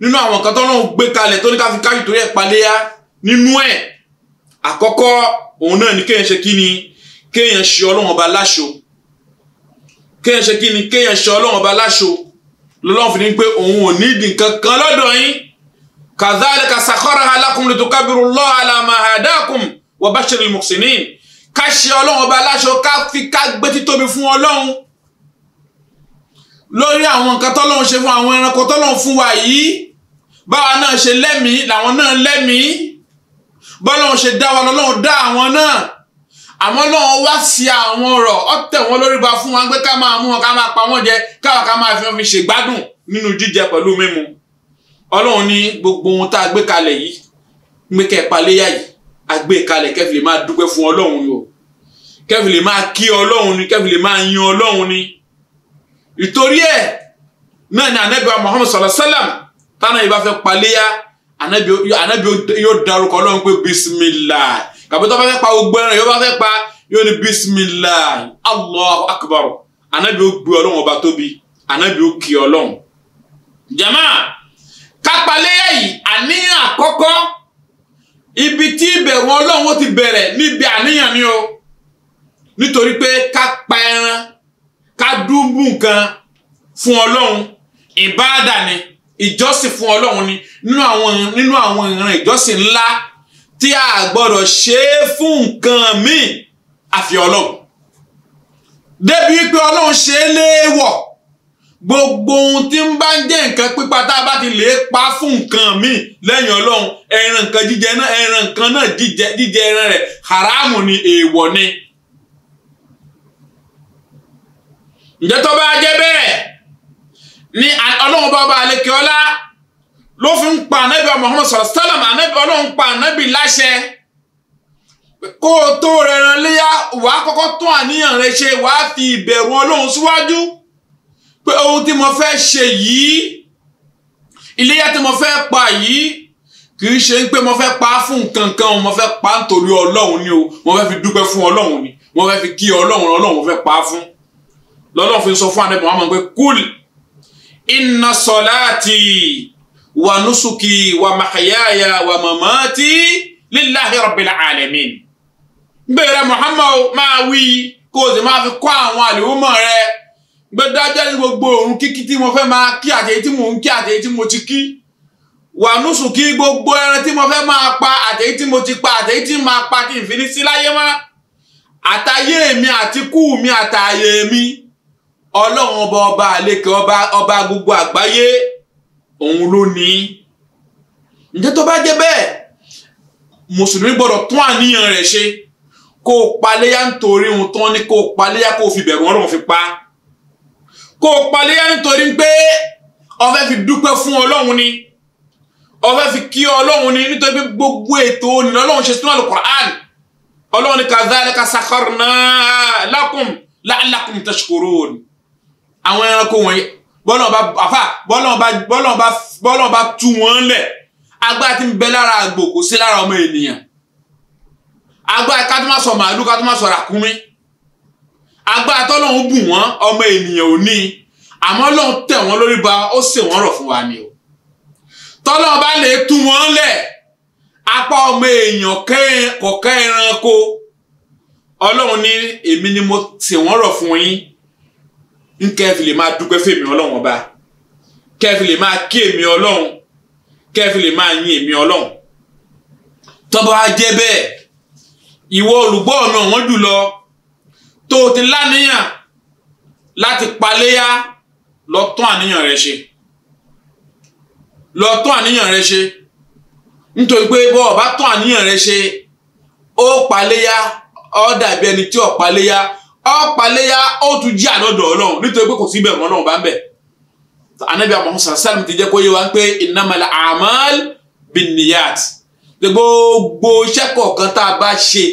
nínú àwọn nǹkan tó gbé kalẹ̀ tó ní káfi káyì torí ẹ̀ paléyà nínú ẹ̀ àkọ́kọ́ òun náà ní kéèyàn ṣe kí ni kéèyàn ṣe ọlọ́run ọba láṣo kéèyàn ṣe kí ni kéèyàn ṣe ọlọ́run ọba láṣo lọ́lọ́run fi ní pé òun ò ní ìdì kankan lọ́dọ̀ yín kadhalika sakharaha lakum litukabbiru Allah ala ma hadakum wa bashiril muhsinin ká ṣe ọlọ́run ọba láṣo ká fi ká gbé títóbi fún ọlọ́run lórí àwọn nǹkan tọ́lọ́run ṣe fún àwọn ẹranko tọ́lọ́run fún wa yìí báwa náà ṣe lẹ́mìí làwọn náà lẹ́mìí bọ́lọ́run ṣe dá wa lọ́lọ́run dá àwọn náà àmọ́ lọ́wọ́ wá sí àwọn ọ̀rọ̀ ọ̀tẹ̀ wọn lórí ba fún wa pé ká máa mú wọn ká máa pa wọ́n jẹ káwa ká máa fi wọn fi ṣègbádùn nínú jíjẹ pẹ̀lú mímu ọlọ́run ní gbogbo ohun tá a gbé kalẹ̀ yìí gbé kẹpaléyà yìí a gbé e kalẹ̀ kẹfì lè máa dúpẹ́ fún ọlọ́run ni o kẹfì lè máa kí ọlọ́run ni kẹfì lè máa yin ọlọ́run ni ìtorí ẹ̀ náà ni anabi muhammad sallallahu alaihi wa sallam tánà yìí bá fẹ́ paléyà anabi yóò darúkọ ọlọ́run pé bisimilahi kàbí tó bá fẹ́ pa gbogbo ẹran yóò bá fẹ́ pa yóò ní bisimilahi Allah akbar anabi ó gbé ọlọ́run ọba tóbi anabi ó kí ọlọ́run. jama kápáléyà yìí àníyàn àkọ́kọ́ ibi tí ìbẹ̀rù ọlọ́run ó ti bẹ̀rẹ̀ níbi àníyàn ni o nítorí pé ká pa ẹran ká dúbù nǹkan fún ọlọ́run ìbáàdà ni ìjọsìn fún ọlọ́run ni nínú àwọn nínú àwọn ìran ìjọsìn ńlá tí a gbọ́dọ̀ ṣe é fún nǹkan míì àfi ọlọ́run débi wípé ọlọ́run ṣe é léèwọ̀ gbogbo ohun tí ń bá ń jẹ́ nǹkan pípa tá a bá ti lè pa fún nǹkan míì lẹ́yìn ọlọ́run ẹran nǹkan jíjẹ náà ẹran nǹkan náà jíjẹ ẹran rẹ̀ haramu ni èèwọ̀ ni. ǹjẹ́ tó bá jẹ́ bẹ́ẹ̀ ni ọlọ́run bá ọba àlekè ọlá ló fi ń pa anabi Muhammad sallallahu alaihi wasallam anabi Ọlọ́run pa anabi láṣẹ kó o tó rẹran léyà wà á kọ́kọ́ tún àníyàn rẹ ṣe wà á fi ìbẹ̀rù Ọlọ́run síwájú pé ohun tí mo fẹ́ ṣe yìí iléyà tí mo fẹ́ pa yìí kì í ṣe pé mo fẹ́ pa á fún nǹkan kan mo fẹ́ pa á nítorí Ọlọ́run ni o mo fẹ́ fi dúpẹ́ fún Ọlọ́run ni mo fẹ́ fi kí Ọlọ́run Ọlọ́run fẹ́ pa fún lọ́lọ́run fi sọ fún anabi Muhammad pé kúl inna salati wa nusuki wa mahayaya wa mamati lillahi rabbil alamin. gbèrè muhammad máa wí kó o sì máa fi kọ́ àwọn àlùmọ̀ rẹ gbẹdájọ́ ní gbogbo òun kíkí tí mo fẹ́ máa kí àtẹ̀yí tí mò ń kí àtẹ̀yí tí mo ti kí wa nusuki gbogbo ẹran tí mo fẹ́ máa pa àtẹ̀yí tí mo ti pa àtẹ̀yí tí máa pa kí n fi ní sí láyé mọ́ àtayé mi àtikú mi àtàyè mi ọlọ́run ọba ọba àlekè ọba gbogbo àgbáyé òun ló ní ǹjẹ́ tó bá jẹ́ bẹ́ẹ̀ mùsùlùmí gbọ́dọ̀ tún àníyàn rẹ̀ ṣe kó o paléyà nítorí ohun tán ni kó o paléyà kó o fi bẹ̀rù ọlọ́run fi pa kó o paléyà nítorí pé o fẹ́ fi dúpẹ́ fún ọlọ́run ni o fẹ́ fi kí ọlọ́run ni nítorí pé gbogbo ètò ni ọlọ́run ṣe sínú àlùkùránì ọlọ́run ni kadhalika sakharna lakum la'allakum tashkurun àwọn ẹranko wọ̀nyí bọ́lọ́n bá àfà bọ́lọ́n bá bọ́lọ́n bá bọ́lọ́n bá tú wọn lẹ̀ agbára tí ń bẹ lára àgbò kò sí lára ọmọ ènìyàn agbára ká tó má sọ màálù ká tó má sọ ràkúnmí agbára tọ́lọ́hún bù wọ́n ọmọ ènìyàn ò ní àmọ́ lọ́hún tẹ̀ wọ́n lórí ba ó sè wọ́n rọ̀ fún wa ni o tọ́lọ́hún bá lè tú wọn lẹ̀ apá ọmọ èèyàn kọ̀ọ̀kan ẹranko ọlọ́run ní èmi ni mo sè wọ́n rọ̀ fún yín nkẹ́ fi lè máa dúpẹ́ fún èmi ọlọ́run ọba kẹ́ fi lè máa kí èmi ọlọ́run kẹ́ fi lè máa yin èmi ọlọ́run tọ́ba wa jẹ́ bẹ́ẹ̀ ìwọ olùgbọ́ ọ̀nà wọn jùlọ tó o ti láníyàn láti paléyà lọ tún àníyàn rẹ ṣe lọ tún àníyàn rẹ ṣe nítorí pé bọ́ ọ tún àníyàn rẹ ṣe ó paléyà ó dàbí ẹni tí ó paléyà ọ̀pàlẹ́yà ó tún jí ànọ́dọ̀ ọlọ́run nítorí pé kò sí bẹ̀rù ọlọ́run bá ń bẹ̀. anabi Muhammad sallam ti jẹ́ kó yé wa pé innamal a'mal binniyat gbogbo iṣẹ́ kọ̀ọ̀kan tá a bá ṣe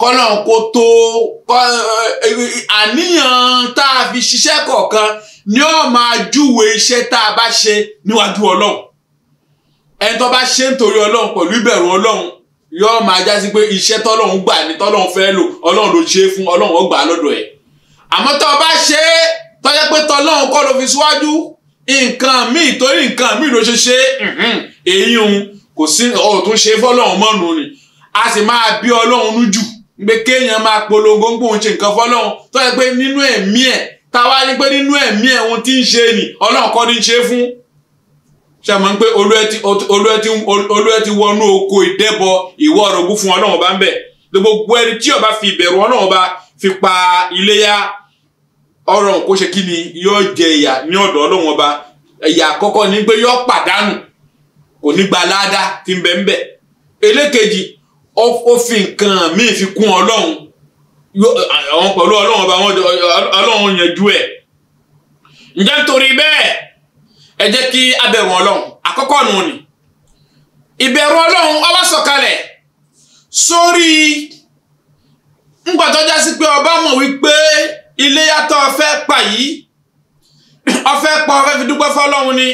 kọ́lọ́n kó tó àníyàn tá a fi ṣiṣẹ́ kọ̀ọ̀kan ni ó máa júwe iṣẹ́ tá a bá ṣe níwájú ọlọ́run ẹni tó bá ṣe nítorí ọlọ́run pẹ̀lú ìbẹ̀rù ọlọ́run yóò máa jásí pé iṣẹ́ tọ́lọ́hún gbà ní tọ́lọ́hún fẹ́ lò ọlọ́run ló ṣe é fún ọlọ́run ó gbà á lọ́dọ̀ ẹ̀ àmọ́ tó o bá ṣe é tọ́jà pé tọ́lọ́hún kọ́ ló fi síwájú nǹkan míì torí nǹkan míì ló ṣe ṣe èyí òun kò sí ọ̀tún ṣe fọ́lọ́hún mọ́nu ni a sì máa bí ọlọ́run nú jù pé kéèyàn máa polongo ń gbóhùn ṣe nǹkan fọ́lọ́hún tọ́jà pé nínú ẹ̀mí ẹ̀ táwa ní pé nínú ẹ̀mí ẹ̀ ni ọlọ́run kọ́ ni ṣe mọ̀ pé olú ẹ ti wọnú oko ìdẹ́bọ ìwọ ọ̀rọ̀gún fún ọlọ́run ọba ń bẹ̀ gbogbo ẹni tí ọba fi ìbẹ̀rù ọlọ́run ọba fi pa iléyà ọ̀rọ̀ kó ṣe kí ni yóò jẹ ìyà ní ọ̀dọ̀ ọlọ́run ọba ìyà àkọ́kọ́ ni pé yóò pàdánù kò ní gba láàdá tí ń bẹ ń bẹ ẹlẹ́kejì ó fi nǹkan míì fi kún ọlọ́run àwọn pẹ̀lú ọlọ́run ọba ọlọ́run yanjú ẹ̀ ǹjẹ́ nítorí bẹ́ẹ̀ ẹ jẹ́ kí a bẹ̀rù ọlọ́run àkọ́kọ́ nù ni ìbẹ̀rù ọlọ́run ó wá sọ̀kalẹ̀ sórí ńgbàtọ́já sí pé ọba mọ̀ wípé ilé yàtọ̀ ọ̀fẹ́ pa yìí ọ̀fẹ́ pa ọ̀fẹ́ fi dúpẹ́ fọlọ́run ni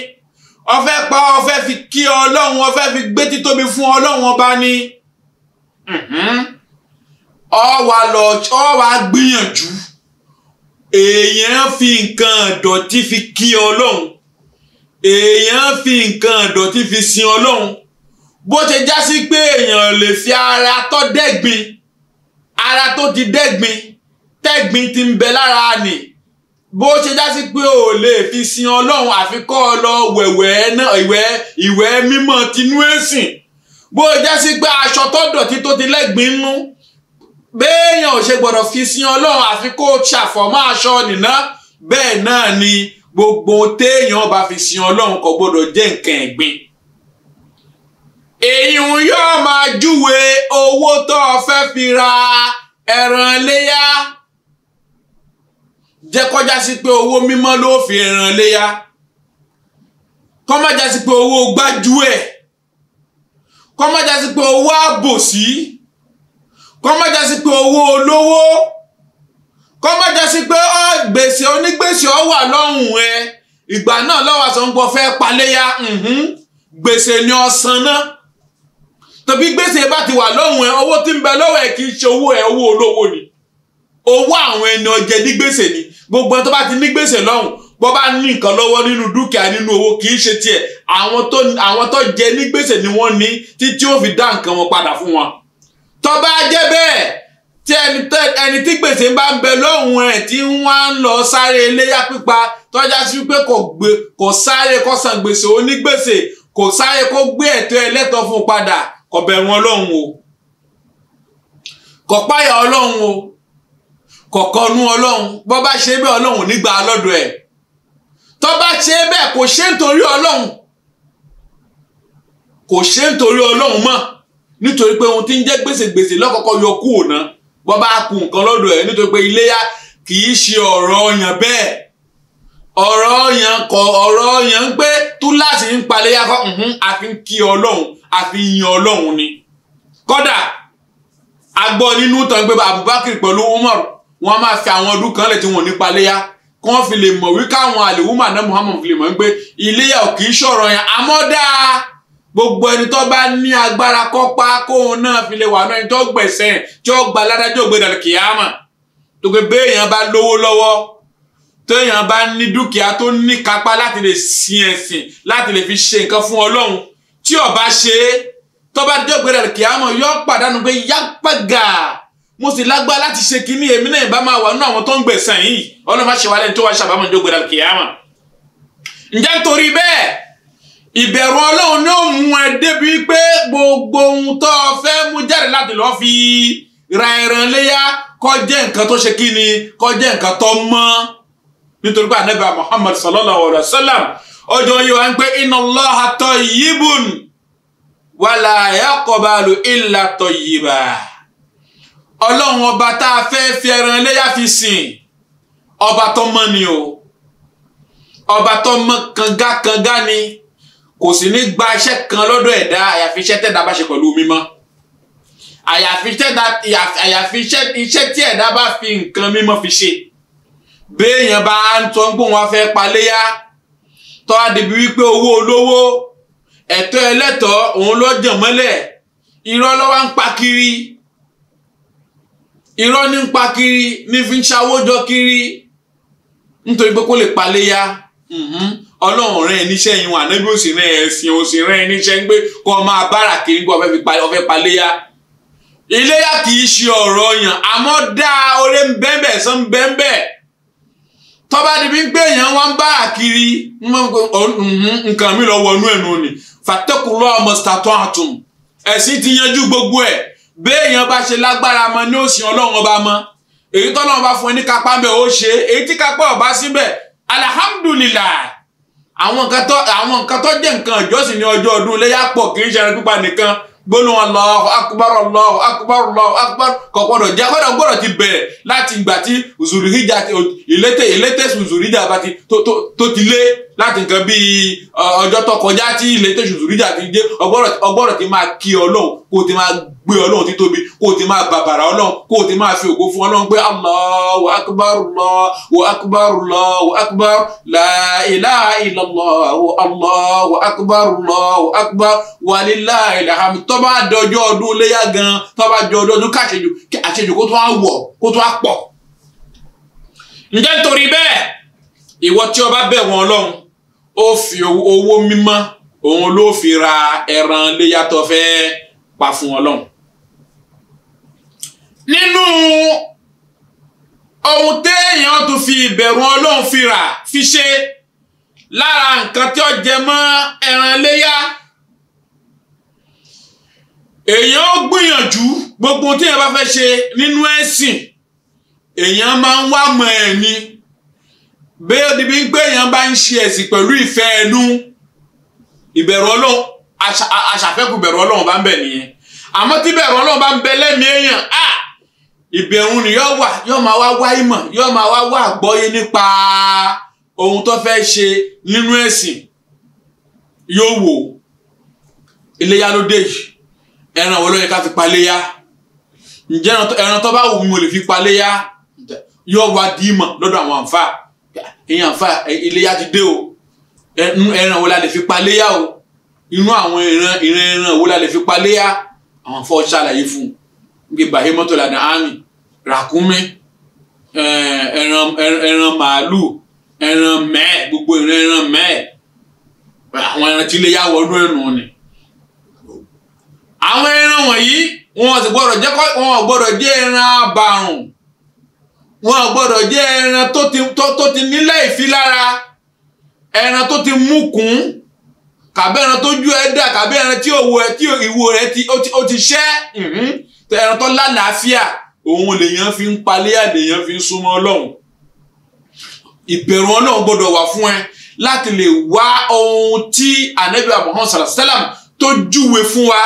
ọ̀fẹ́ pa ọ̀fẹ́ fi kí ọlọ́run ọ̀fẹ́ fi gbé títóbi fún ọlọ́run ọba ni ọwà lọ ọwà gbìyànjú èèyàn fi nǹkan ìdọ̀tí fi kí ọlọ́run èèyàn fi nǹkan ìdọ̀tí fi sin ọlọ́run bó ṣe já sí pé èèyàn lè fi ara tó dẹ́gbin ara tó ti dẹ́gbin tẹ́gbin ti ń bẹ lára nì bó ṣe já sí pé ò lè fi sin ọlọ́run àfi kọ́ ọ lọ wẹ̀wẹ̀ náà ìwẹ̀ ìwẹ̀ mímọ́ tinú ẹ̀sìn bó ṣe já sí pé aṣọ tó dọ̀tí tó ti lẹ́gbin nú béèyàn ò ṣe gbọ́dọ̀ fi sin ọlọ́run àfi kó ṣàfọ̀mọ́ aṣọ nìna bẹ́ẹ̀ náà ni gbogbo téèyàn bá fi sin ọlọ́run kò gbọ́dọ̀ jẹ́ nǹkan ẹ̀gbin èyí ń yóò máa júwe owó tó o fẹ́ fi ra ẹran léyà jẹ́ kọjá sí pé owó mímọ́ ló fi ẹran léyà kọ́mọ́já sí pé owó gbájúẹ̀ kọ́mọ́já sí pé owó àbòsí kọ́mọ́já sí pé owó olówó kó má jásí pé ọ gbèsè onígbèsè ọ wà lọ́hùn ẹ ìgbà náà lọ́wọ́ àṣọ ń gbọ́ fẹ́ paléyà gbèsè ni ọ san náà tòbí gbèsè bá ti wà lọ́hùn ẹ owó tí ń bẹ lọ́wọ́ ẹ kì í ṣe owó ẹ owó olówó ni owó àwọn ẹni ọjẹ ní ni gbogbo ẹni tó bá ti ní gbèsè lọ́hùn bó bá ní nǹkan lọ́wọ́ nínú dúkìá nínú owó kì í ṣe tiẹ̀ àwọn tó jẹ ní ni wọ́n ní títí ó fi dá nǹkan wọn padà fún wọn tó bá jẹ́ bẹ́ẹ̀ tí ẹni tí gbèsè bá ń bẹ lọ́hùn ẹ̀ tí wọ́n á ń lọ sáré iléyà pípa tọ́já sí pé kò sáré kó san gbèsè onígbèsè kò sáré kó gbé ẹ̀tọ́ ẹlẹ́tọ́ fún padà kò bẹ̀rù ọlọ́run o kò páyà ọlọ́run o kò kọnu ọlọ́run bó bá ṣe bẹ́ẹ̀ ọlọ́run nígbà lọ́dọ̀ ẹ̀ tó bá ṣe bẹ́ẹ̀ kò ṣe nítorí ọlọ́run kò ṣe nítorí ọlọ́run mọ́ nítorí pé ohun tí ń jẹ́ gbèsè gbèsè lọ́kọ̀ọ́kọ́ yọ kúò náà wọ́n bá kú nǹkan lọ́dọ̀ ẹ̀ nítorí pé iléyà kì í ṣe ọ̀rọ̀ ọyàn bẹ́ẹ̀ ọ̀rọ̀ ọyàn kọ ọ̀rọ̀ ọyàn ń pé túláàsì ń paléyà kọ́ àfi ń kí ọlọ́run àfi yan ọlọ́run ni kódà agbọ́ nínú tán pé Abubakar pẹ̀lú Umar wọn máa fi àwọn ọdún kan lẹ̀ tí wọn ò ní paléyà kí wọ́n fi lè mọ̀ wí káwọn àlè Umar náà Muhammad fi lè mọ̀ pé iléyà kì í ṣọ̀rọ̀ yẹn amọ́dáa gbogbo ẹni tó bá ní agbára kọ́pá kóun náà fi lè wà náà ẹni tó gbẹ̀sẹ̀ tí ó gba aládájọ́ ògbédà kìámà tó pé béèyàn bá lówó lọ́wọ́ téèyàn bá ní dúkìá tó ní kápá láti lè sin ẹ̀sìn láti lè fi ṣe nǹkan fún ọlọ́run tí ó bá ṣe é tó bá dé ògbédà kìámà yọ pàdánù pé yápàgà mo sì lágbára láti ṣe kínní èmi náà ìbá máa wà nínú àwọn tó ń gbẹ̀sẹ̀ yìí ọlọ́run má ṣe wálé ní tó wá ṣàbámọ̀ ní ìbẹ̀rù ọlọ́run ni ó mú ẹ débi pé gbogbo ohun tó o fẹ́ mú jáde láti lọ́ọ́ fi ra ẹran léyà kó jẹ́ nǹkan tó ṣe kí ni kó nǹkan tó mọ́ nítorí pé ànábì Muhammad sallallahu alayhi wa sallam ọjọ́ yìí wá ń pé inna Allaha tayyibun wala yaqbalu illa tayyiba ọlọ́run ọba tá a fẹ́ fi ẹran léyà fi sìn ọba tó mọ́ ni o ọba tó mọ́ kangakanga ni kò sì ní gba iṣẹ́ kan lọ́dọ̀ ẹ̀dá àyàfi iṣẹ́ tẹ̀dá bá ṣe pẹ̀lú mímọ́ àyàfi iṣẹ́ tí ẹ̀dá bá fi nǹkan mímọ́ fi ṣe béèyàn bá ń tọ́ ń gbóhùn afẹ́ paléyá tọ́ adìbí wípé owó olówó ẹ̀tọ́ ẹlẹ́tọ̀ọ́ òun ló jàn mọ́lẹ̀ irọ́ ló wá ń pa kiri irọ́ ní ń pa kiri ní fi ń ṣàwójọ kiri nítorí pé kó lè paléyá. Mm-hmm ọlọ́run rẹ níṣẹ́ yín wọn ànábì òsì rẹ ẹ̀sìn òsì rẹ níṣẹ́ ń gbé kọ́ ọ máa bára kiri kó ọfẹ́ fi pa ọfẹ́ pa léyà iléyà kì í ṣe ọ̀rọ̀ yàn àmọ́ dá oore ń bẹ́ẹ̀bẹ̀ sọ ń bẹ́ẹ̀bẹ̀ tọ́ba níbi ń gbé èèyàn wá ń bára kiri nǹkan mi lọ wọnú ẹ̀nu ni fàtẹ́kùlọ́ mọ̀sítàtọ́ àtùm ẹ̀sìn ti yanjú gbogbo ẹ̀ béèyàn bá ṣe lágbára mọ ní òsì ọlọ́run ọba mọ èyí tọ́lọ́run bá fún ẹ ní kápá bẹ́ẹ̀ ó ṣe èyí tí kápá ọba síbẹ̀ alihamudulilayi àwọn nǹkan tó àwọn nǹkan tó jẹ́ nǹkan ìjọsìn ní ọjọ́ ọdún iléyà pọ̀ kì í ṣẹran pípa nìkan gbólóhùn Allahu akbar Allahu akbar Allahu akbar kò gbọ́dọ̀ jẹ́ kọ́dọ̀ gbọ́dọ̀ ti bẹ̀rẹ̀ láti ìgbà tí zùrìhìjà ìlétè ìlétè zùrìhìjà bá ti tó ti lé láti nǹkan bíi ọjọ́ tó kọjá tí ìlétè zùrìhìjà ti dé ọgbọ́dọ̀ ti máa kí Ọlọ́run kó o ti máa gbé ọlọ́run títóbi kó o ti máa bàbàrà ọlọ́run kó o ti máa fi ògo fún ọlọ́run pé Allahu akbar Allahu akbar Allahu akbar la ilaha illallah Allahu akbar Allahu akbar walillahil hamd tó bá dọjọ́ ọdún léyà gan tó bá jọ ọdún ọdún káṣejù kí àṣejù kó tó á wọ̀ kó tó á pọ̀ ǹjẹ́ nítorí bẹ́ẹ̀ ìwọ tí o bẹ̀ wọ́n ọlọ́run ó fi owó mímọ́ òun ló fi ra ẹran léyà fẹ́ẹ́ pa fún ọlọ́run nínú ohun téèyàn tún fi ìbẹ̀rù ọlọ́run fi rà fi ṣe lára nǹkan tí ó jẹ mọ́ ẹran léyà èèyàn ó gbìyànjú gbogbo tí èèyàn bá fẹ́ ṣe nínú ẹ̀sìn èèyàn máa ń wá mọ̀ ẹ̀ ni bí ó di bí pé èèyàn bá ń ṣe ẹ̀sìn pẹ̀lú ìfẹ́ ẹnu ìbẹ̀rù ọlọ́run aṣàfẹ́kù bẹ̀rù ọlọ́run bá ń bẹ̀ nìyẹn àmọ́ tí bẹ̀rù ọlọ́run bá ń bẹ lẹ́mìí èèyàn á ìbẹ̀rù ni yóò wà yóò máa wá wá ìmọ̀ yóò máa wá wá àgbọ́yé nípa ohun tó fẹ́ ṣe nínú ẹ̀sìn yóò wò iléyà ló dé yìí ẹran wo ló yẹ ká fi paléyà ǹjẹ́ ẹran tó bá wù mí mo lè fi paléyà yóò wá di ìmọ̀ lọ́dọ̀ àwọn àǹfà ìyẹn àǹfà iléyà ti dé o ẹran wo la lè fi paléyà o inú àwọn ìran ìran ìran wo la lè fi paléyà àwọn afọ ṣàlàyé fún un gbé bàhímọ́tò lànà àmì ràkúnmí eh, ẹran ẹran màálù ẹran mẹ́ẹ̀ gbogbo ìran ẹran mẹ́ẹ̀ àwọn ẹran tí iléyà wọnú ẹnu ni àwọn ẹran wọ̀nyí wọn sì gbọ́dọ̀ jẹ́ wọn gbọ́dọ̀ jẹ́ ẹran abàrùn wọn gbọ́dọ̀ jẹ́ ẹran tó ti nílẹ̀ ìfilára ẹran tó ti mú kún kàbẹ́ran tó ju ẹ dà kàbẹ́ran tí òwò ẹ tí ìwo rẹ ó ti ṣẹ́ ẹran tó lálàáfíà òun lèèyàn fi ń palẹ́ àlèèyàn fi ń súnmọ́ ọlọ́run ìbẹ̀rù ọlọ́run gbọ́dọ̀ wà fún ẹ láti lè wá ohun tí anabi Muhammad sallallahu alaihi wasallam tó júwe fún wa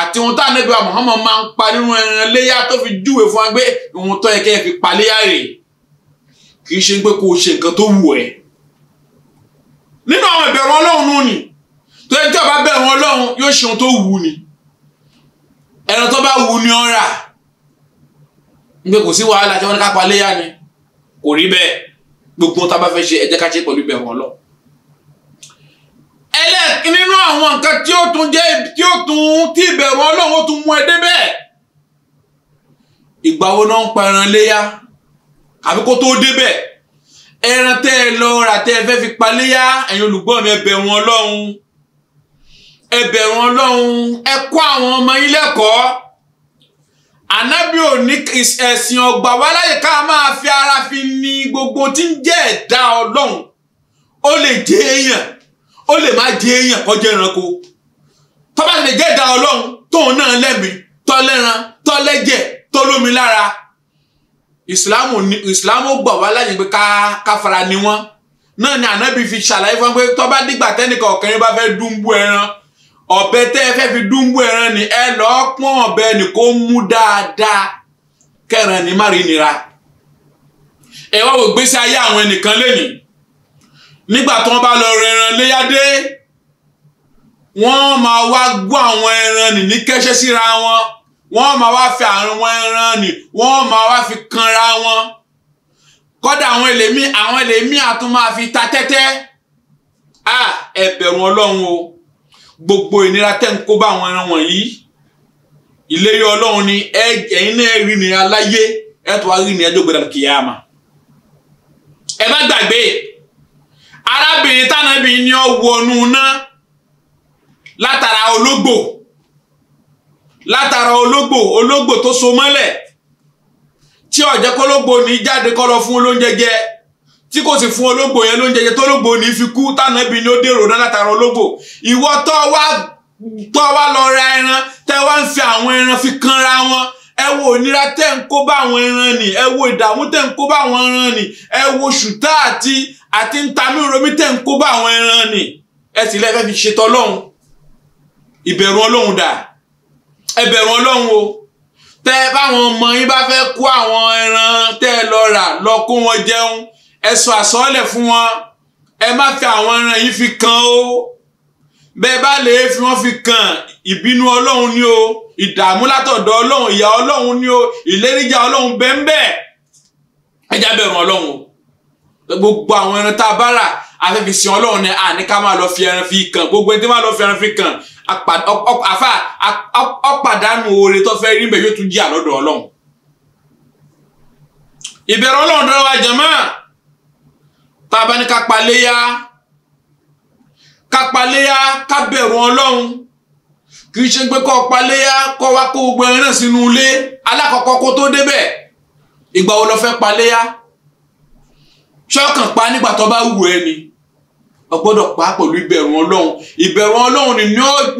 àti ohun tá anabi Muhammad máa ń pa nínú ẹran léyà tó fi júwe fún wa pé ohun tó yẹ kẹ́ ẹ fi palẹ́ àrè kì í ṣe pé kò ṣe nǹkan tó wù ẹ́ nínú àwọn ìbẹ̀rù ọlọ́run nù ni tó ẹni tí ọba bẹ̀rù ọlọ́run yóò ṣe ohun tó wù ú ni ẹran tó bá wù ú ni ó rà nígbà kò sí wàhálà tí wọ́n ní ká paléyà ni kò rí bẹ́ẹ̀ gbogbo tá a bá fẹ́ ṣe ẹ jẹ́ ká ṣe pẹ̀lú bẹ̀rù ọlọ́run ẹlẹ́ẹ̀kí nínú àwọn nǹkan tí ó tún jẹ́ tí ó tún tí ìbẹ̀rù ọlọ́run ó tún mú ẹ débẹ̀ ìgbà wo náà ń pa ẹran léyà àbí kó tó débẹ̀ ẹran tẹ́ ẹ lọ rà tẹ́ ẹ fẹ́ fi paléyà ẹ̀yin olùgbọ́ mi ẹ bẹ̀rù ọlọ́run ẹ bẹ̀rù ọlọ́run ẹ kọ́ àwọn ọmọ yín lẹ́kọ̀ọ́ ànábì ò ní ẹ̀sìn ọgbà wá láyè ká máa fi ara fi ni gbogbo tí ń jẹ́ ẹ̀dá ọlọ́run ó lè jẹ́ èèyàn ó lè má jẹ́ èèyàn kó jẹ́ ẹranko tó bá lè jẹ́ ẹ̀dá ọlọ́run tóun náà lẹ́mìí tó lẹ́ran tó lómi lára ìsìlámù ní ìsìlámù gbà wá láyè pé ká fara ni wọ́n náà ni ànábì fi ṣàlàyé fún wọn pé tó bá dìgbà tẹ́nìkan ọ̀kẹ́rin bá fẹ́ dùn bú ẹran ọ̀bẹ tẹ́ ẹ fẹ́ fi dúnbú ẹran ni ẹ lọ́ọ́ pọ́n ọ̀bẹ ni kó mú dáadáa kẹran ni má rí nira ẹ wá wò gbésí ayé àwọn ẹnìkan lẹ́yìn nígbà tí wọ́n bá lọ rẹ ẹran léyàdé wọ́n máa wá gbọ́ àwọn ẹran nì ní kẹ́sẹ́ síra wọn wọ́n máa wá fi àwọn ẹran nì wọ́n máa wá fi kanra wọn kọ́dà àwọn ẹlẹ́mí àwọn ẹlẹ́mí àtún máa fi ta tẹ́tẹ́ ẹ bẹ̀rù ọlọ́run o gbogbo ìnira tẹ́ ń kó bá àwọn ẹran wọ̀nyí ìlérí ọlọ́run ni ẹ̀yin náà rí ni aláyé ẹ̀ tó rí ni ẹjọ́ gbẹdàgbẹ́ kìyàmà ẹ má gbàgbé arábìnrin tánàbí ni ó wọnú ná látara ológbò látara ológbò ológbò tó so mọ́lẹ̀ tí ọ̀jẹ́ kólógbò ní jáde kọ́ fún olóúnjẹ jẹ tí kò sì fún ológbò yẹn ló ń jẹjẹ tó ológbò ní fi kú tànà ibi ni ó dèrò náà látara ológbò ìwọ tó wá tó wá lọ ra ẹran tẹ wá ń fi àwọn ẹran fi kanra wọn ẹ wo ìnira tẹ ń kó bá àwọn ẹran nì ẹ wo ìdààmú tẹ ń kó bá àwọn ẹran nì ẹ wo ṣùtá àti àti ntamíromi tẹ ń kó bá àwọn ẹran nì ẹ sì lẹ́fẹ́ fi ṣetọ́ lọ́hùn ìbẹ̀rù ọlọ́hun dà ẹ bẹ̀rù o tẹ báwọn ọmọ yín bá fẹ́ kó àwọn ẹran tẹ lọ rà lọ kó wọn jẹun ẹ sọ àsọọ́lẹ̀ fún wọn ẹ má fi àwọn ẹran yìí fi kan o bẹ́ẹ̀ bá lè fi wọ́n fi kan ìbínú ọlọ́run ni o ìdààmú látọ̀dọ̀ ọlọ́run ìyà ọlọ́run ni o ìléríjà ọlọ́run bẹ́ńbẹ́ ẹja bẹ̀rù ọlọ́run o gbogbo àwọn ẹran tá a bá rà afẹ́fẹ́ sin ọlọ́run ni àní ká máa lọ fi ẹran fi kan gbogbo ẹni tí máa lọ fi ẹran fi kan àfa ọ̀pàdánù oore tó fẹ́ rí mbẹ́ yóò tún jí àlọ́dọ̀ ọlọ́run ìbẹ̀rù ọlọ́run dára wa jẹ̀mọ́ bàbá ní ká paléyà ká paléyà ká bẹ̀rù ọlọ́run kì í ṣe pé kọ́ paléyà kọ́ wá kó gbogbo ẹran sínú ilé alákọ̀ọ́kọ́ kó tó débẹ̀ ìgbà wo lọ fẹ́ paléyà ṣọ́ọ̀kàn pa nígbà tó bá wù ẹ́ ni o pa pẹ̀lú ìbẹ̀rù ọlọ́run ìbẹ̀rù ọlọ́run ni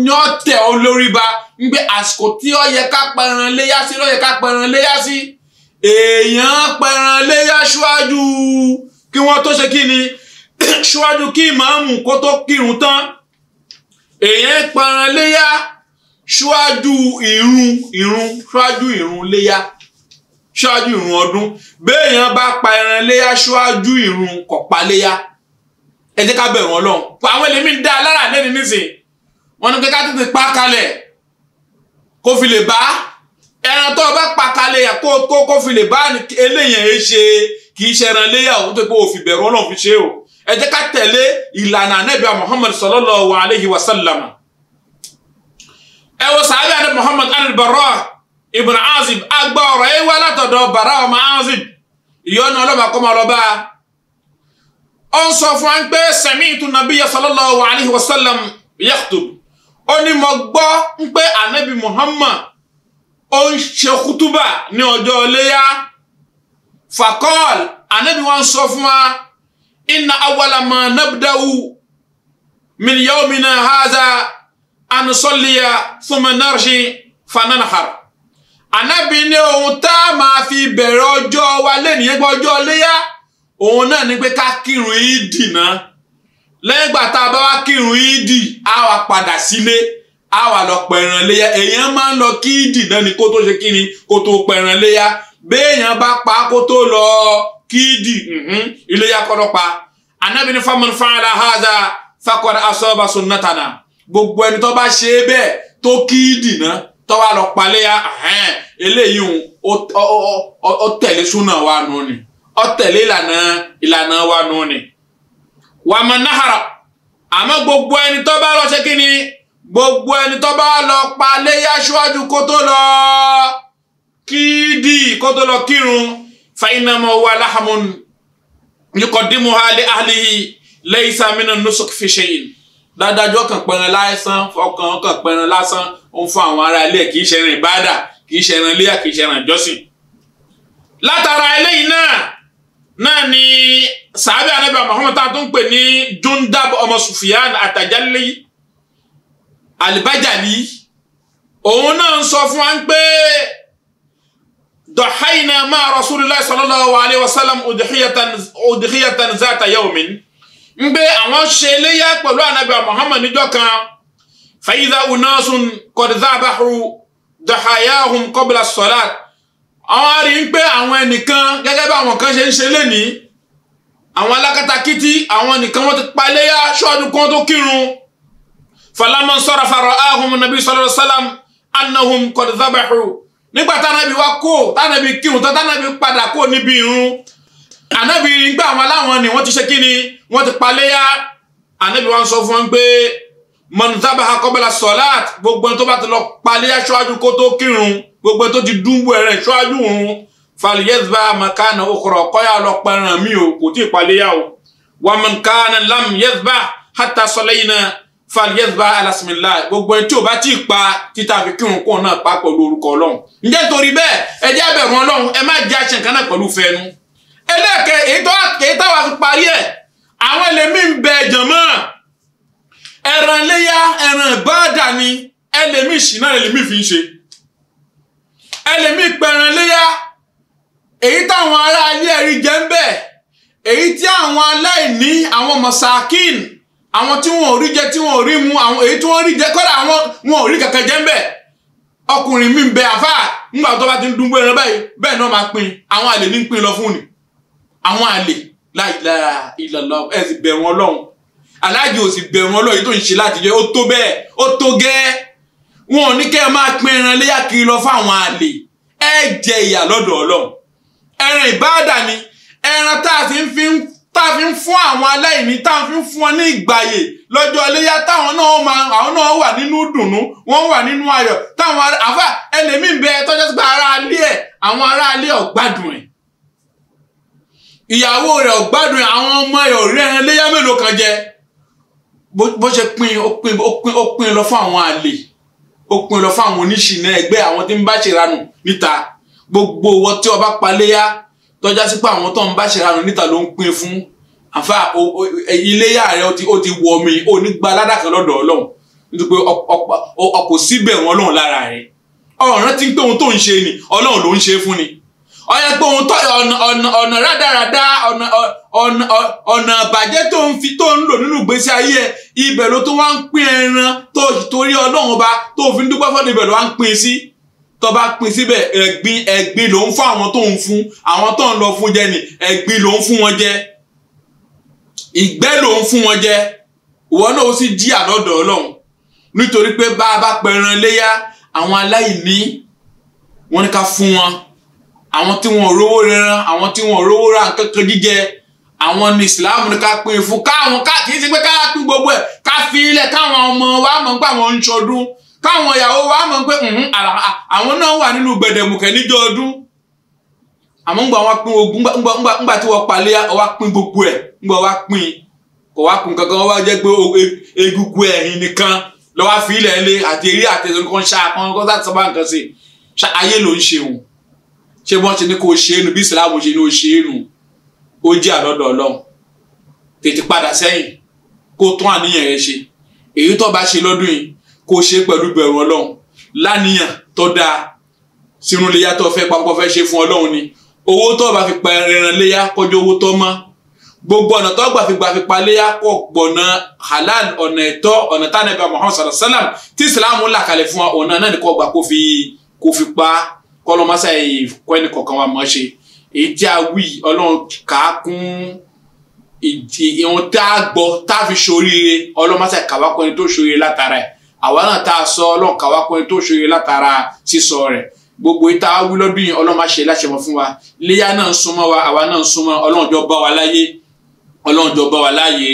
ni ó tẹ̀ ọ́ lórí ba ń gbé àsìkò tí ó yẹ ká pẹran léyà sí ló ká pẹran léyà sí èèyàn pẹran léyà ṣáájú kí wọ́n tó ṣe kí ni ṣíwájú kí ìmáàmù kó tó kírun tán èèyàn paran léyà ṣíwájú ìrun ìrun ṣíwájú ìrun léyà ṣíwájú ìrun ọdún béèyàn bá pa ẹran léyà ṣíwájú ìrun kò pa léyà ẹ jẹ́ ká bẹ̀rù ọlọ́run àwọn ẹlẹ́mìí dá alára lẹ́ni nísìnyí wọ́n ní kékeré tètè pa kalẹ̀ kó fi lè bá ẹran tó o bá pa kalẹ̀ kó kó fi lè bá eléyàn ẹ ṣe kì í ṣe ẹran léyà òun tó pé òfin bẹ̀rù ọlọ́run fi ṣe o ẹ jẹ́ ká tẹ̀lé ìlànà anábìá muhammad sallallahu alayhi wa sallam ẹ wo sàábì adé muhammad al-barra ibn azib agbá ọ̀rọ̀ ẹ wá látọ̀dọ̀ bara ọmọ azib ìyọ́nà ọlọ́ba kọ́mọ ọlọ́ba ọ ń sọ fún wa pé sami'tu nabiyya sallallahu alayhi wa sallam yakhtub ó ní mo gbọ́ pé anabi muhammad ó ń ṣe kútúbà ní ọjọ́ léyà fakọ́l anabi wọn sọ fún wa inna awala ma nabdawu min yawmina haza an sọliya thumma narshi fananhar anabi ní ohun tá a máa fi bẹ̀rẹ̀ ọjọ́ wa lẹ́nu yẹn gbọ́ ọjọ́ léyà òun náà ni pé ká kírun ìdì náà lẹ́yìn ìgbà tá a bá wá kírun ìdì á wà padà sílé á wà lọ pẹ̀ràn léyà èèyàn máa ń lọ kí ìdì náà ni kó ṣe kí ni kó pẹ̀ràn léyà béèyàn bá pa kó tó lọ kídì mhm, iléyà kọ́dọ̀ pa anábì ní faman fa'ala hadha faqad asaba sunnatana gbogbo ẹni tó bá ṣe bẹ́ẹ̀ tó kídì náà tó wá lọ paléyà eléyìí ó tẹ̀lé súnà wa nù ni ó tẹ̀lé ìlànà ìlànà wa nù ni wàmọ̀ náhàrà àmọ́ gbogbo ẹni tó bá lọ ṣe kí ni gbogbo ẹni tó bá lọ paléyà ṣíwájú kó tó lọ. kídì kó tó lọ kírun fainama wa lahamun yukọdimu ha lé ahlihi leisa mina nusuk fi dada dáadájọ́ kan pẹran lásán ọkàn kan pẹran lásán ó ń fún àwọn ará ilé kì í ṣe ẹran ìbáàdà kì í ṣe ẹran iléyà kì í ṣe ẹran ìjọsìn. látara eléyìí náà náà ni sàábì anábì Muhammad tá a tún pè ní Jundab ọmọ Sufyan àtàjálẹ́ al òun náà ń sọ fún wa pé. ضحينا مع رسول الله صلى الله عليه وسلم أضحية أضحية ذات يوم nbẹ àwọn ṣe eléyà pẹ̀lú anabi muhammad níjọ́ kan fayida unasun kọdizabahu dahayahum kọbla salat àwọn arí ń pé àwọn ẹnìkan gẹ́gẹ́ bí àwọn kan ṣe ń ṣe lénìí àwọn alákatakítí àwọn nìkan wọ́n ti pa eléyà ṣọ́ọ̀dún kan tó kírun falamọ sọ̀rọ̀ fàrọ̀ ahùn nàbí sọ̀rọ̀ sálàm anahum kọdizabahu nígbà tánábi wá kó tánábi kírun tán tánábi padà kó níbi irun ànábi nígbà àwọn aláwọn ni wọ́n ti ṣe kí ni wọ́n ti paléyà ànábi wá ń sọ fún wọn pé mọ̀nùtàbà akọ́bẹ̀là sọ̀láàt gbogbo ẹni tó bá ti lọ paléyà ṣọ́ájú kó tó kírun gbogbo tó ti dúnbù ẹ̀rẹ̀ ṣọ́ájú òun faliyezba makana okoro ọkọya lọ pẹran mi o kò tí ì paléyà o wàmùkánà lam yezba hàtà sọlẹ́yìn náà faliyẹsibá alásìmílá gbogbo ẹni tí o bá ti pa títa fi kírun kún náà pa pẹ̀lú orúkọ ọlọ́run ǹjẹ́ torí bẹ́ẹ̀ ẹ jẹ́ abẹ̀rún ọlọ́run ẹ má jẹ́ àṣẹ kan náà pẹ̀lú fẹ́nu ẹlẹ́ẹ̀kẹ́ èyí táwa fi parí ẹ̀ àwọn ẹlẹ́mìí ń bẹ jọ̀mọ́ ẹran léyà ẹran ìbáàdà ni ẹlẹ́mìí ṣìnà ẹlẹ́mìí fi ń ṣe ẹlẹ́mìí pẹ̀ràn léyà èyí táwọn ará ilé ẹ̀rí jẹ́ ń bẹ̀ èyí tí àwọn aláìní àwọn mọ̀sákìn àwọn tí wọn ò rí jẹ tí wọn ò rí mu àwọn èyí tí wọn rí jẹ kọ́dà àwọn wọn ò rí kankan jẹ ń bẹ̀ ọkùnrin mi ń bẹ àfà ńgbà tó bá ti ń dúgbò ẹran báyìí bẹ́ẹ̀ náà máa pín àwọn àlè ní pín lọ fún ni àwọn àlè láìlára ìlọlọ ẹ sì bẹ̀rù ọlọ́run aláàjì ò sì bẹ̀rù ọlọ́run yìí tó ń ṣe láti jẹ ó tó bẹ́ẹ̀ ó tó gẹ́ẹ́ wọn ò ní kẹ́ ẹ máa pín ẹran léyà kiri lọ fáwọn àlè ẹ jẹ ìyà lọ́dọ̀ ọlọ́run ẹran ìbáàdà ni ẹran tá a ti ń fi ń tá a fi ń fún àwọn aláìní tá a fi ń fún wọn ní ìgbàyè lọ́jọ́ iléyà táwọn náà máa àwọn náà wà nínú dùnnú wọ́n wà nínú ayọ̀ táwọn àfà ẹlẹ́mìí bẹ tọ́jọ́ sí pé ará alé ẹ̀ àwọn ará alé ọ̀gbádùn ẹ̀ ìyàwó rẹ̀ ọ̀gbádùn ẹ̀ àwọn ọmọ ẹ̀ ọ̀rẹ́ ẹ̀ léyà mélòó kan jẹ bó ṣe pín ó pín ó pín ó pín lọ fún àwọn àlè ó pín lọ fún àwọn oníṣìnà ẹgbẹ́ àwọn tí ń bá ṣèranù níta gbogbo owó tí ọba paléyà tọ́já sí pé àwọn tó ń bá ṣèrànù níta ló ń pín fún àfa iléyà rẹ ó ti wọ mi ó ní gba ládàkẹ́ lọ́dọ̀ ọlọ́run nítorí pé ọkọ̀ síbẹ̀ wọn ọlọ́run lára rẹ ọ̀ràn ti ń pé ohun tó ń ṣe ni ọlọ́run ló ń ṣe fún ni ọ̀yẹ́ pé ohun tó ọ̀nà rádaràda ọ̀nà àbàjẹ́ tó ń fi tó ń lò nínú ìgbésí ayé ẹ ibẹ̀ ló tó wá ń pín ẹran tó torí ọlọ́run ọba tó fi ń dúpẹ́ fọ́nà ibẹ̀ ló wá ń pín sí tó bá pín síbẹ̀ ẹ̀gbin ẹ̀gbin ló ń fún àwọn tó ń fún àwọn tó ń lọ fún jẹ ni ẹ̀gbin ló ń fún wọn jẹ ìgbẹ́ ló ń fún wọn jẹ ìwọ náà ó sì jìyà lọ́dọ̀ ọlọ́run nítorí pé bá a bá pẹran léyà àwọn aláìní wọn ní ká fún wọn àwọn tí wọn ò rówó rẹran àwọn tí wọn ò rówó ra nǹkan kan jíjẹ àwọn ní ìsìláàmù ní ká pín fún káwọn káàkiri sí pé ká pín gbogbo ẹ̀ ká fi ilẹ̀ káwọn ọmọ wa mọ̀ nípa àwọn ń ṣọdún káwọn ìyàwó wa mọ̀ pé àwọn náà wà nínú gbẹ̀dẹ̀mùkẹ̀ níjọ́ ọdún àmọ́ ńgbà wọn pín ogún ńgbà tí wọ́n palẹ̀ wá pín gbogbo ẹ̀ ńgbà wá pín kò wá kún kankan wọ́n wá jẹ́ pé e, egungun ẹ̀yìn nìkan lọ́wọ́ fi ilẹ̀ lé àti eré àtẹ̀sán kan ṣá kan kan láti sábà nǹkan sí ayé ló ń ṣe òun ṣé bọ́n ṣe ní kó ṣe é nu bí ìsìláàmù ṣe ní ó ṣe é nu ó jẹ́ àlọ́dọ̀ ọlọ́run tètè padà sẹ́yìn kó tún àníyàn rẹ ṣe èyí tó bá ṣe lọ́dún yìí kó ṣe pẹ̀lú bẹ̀rù ọlọ́run láníyàn tó dáa sínú iléyà tó fẹ́ papọ̀ fẹ́ ṣe fún ọlọ́run ni owó tó bá fi pa ẹran léyà kọjú owó tó mọ́ gbogbo ọ̀nà tó gbà fi gbà fi pa léyà kọ̀ gbọ̀nà halal ọ̀nà ẹ̀tọ́ ọ̀nà tánàbà Muhammad sallallahu alaihi wasallam tí islam là kalẹ̀ fún wa ọ̀nà náà ni kò gbà kó fi kó fi pa kọlọmọsá ìkọ́ni kọ̀ọ̀kan wa mọ̀ ṣe èyí tí a wí ọlọ́run kà á kún ìhun tá a gbọ́ tá a fi ṣoríire ọlọ́mọsá ìkàwákọ́ni tó ṣoríire látara ẹ̀ àwa náà tá a sọ ọlọ́run kàwá pé tó ṣòye látara sísọ rẹ̀ gbogbo ìta wí lọ́dún yìí ọlọ́run má ṣe láṣẹmọ fún wa léyà náà ń súnmọ́ wa àwa náà ń súnmọ́ ọlọ́run jọ bá wa láyé ọlọ́run jọ bá wa láyé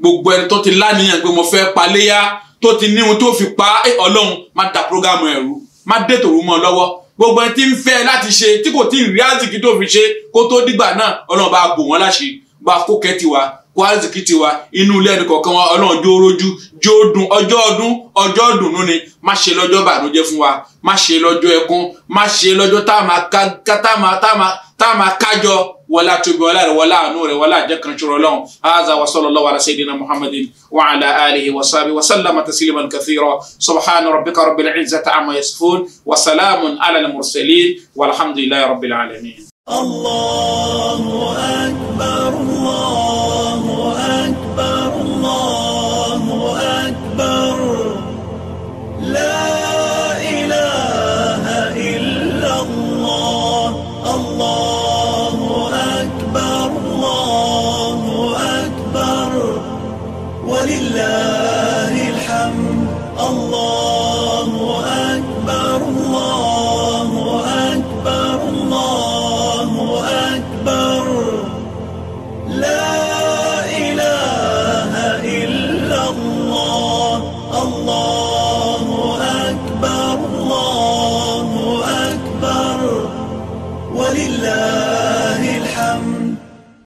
gbogbo ẹni tó ti láníyàn pé mo fẹ́ pa léyà tó ti níhun tó fi pa ọlọ́run má da programu ẹ̀rú má dé tòrú mọ́ lọ́wọ́ gbogbo ẹni tí ń fẹ́ láti ṣe tí kò tí ì rí àzìkí tó fi ṣe kó tó dìgbà náà ọlọ́run bá bò wọ́n láṣẹ bá kó kẹ́tì wa kó àrísìkí tiwa inú ilé ẹnì kọ̀ọ̀kan wa ọlọ́run jó rójú jó dùn ọjọ́ ọdún ọjọ́ dùnú ni má ṣe lọ́jọ́ bànújẹ́ fún wa má ṣe lọ́jọ́ ẹkún má ṣe lọ́jọ́ tá a máa ká tá a máa tá a máa tá a máa kájọ wọlá tóbi wọlá rẹ wọlá àánú rẹ wọlá àjẹkàn ṣòro lọhùn aza wa sallallahu ala sayyidina muhammadin wa ala alihi wa sahbihi wa sallama tasliman kathira subhana rabbika rabbil izzati amma yasifun wa salamun ala al mursalin walhamdulillahi rabbil alamin. allahu akbar allah.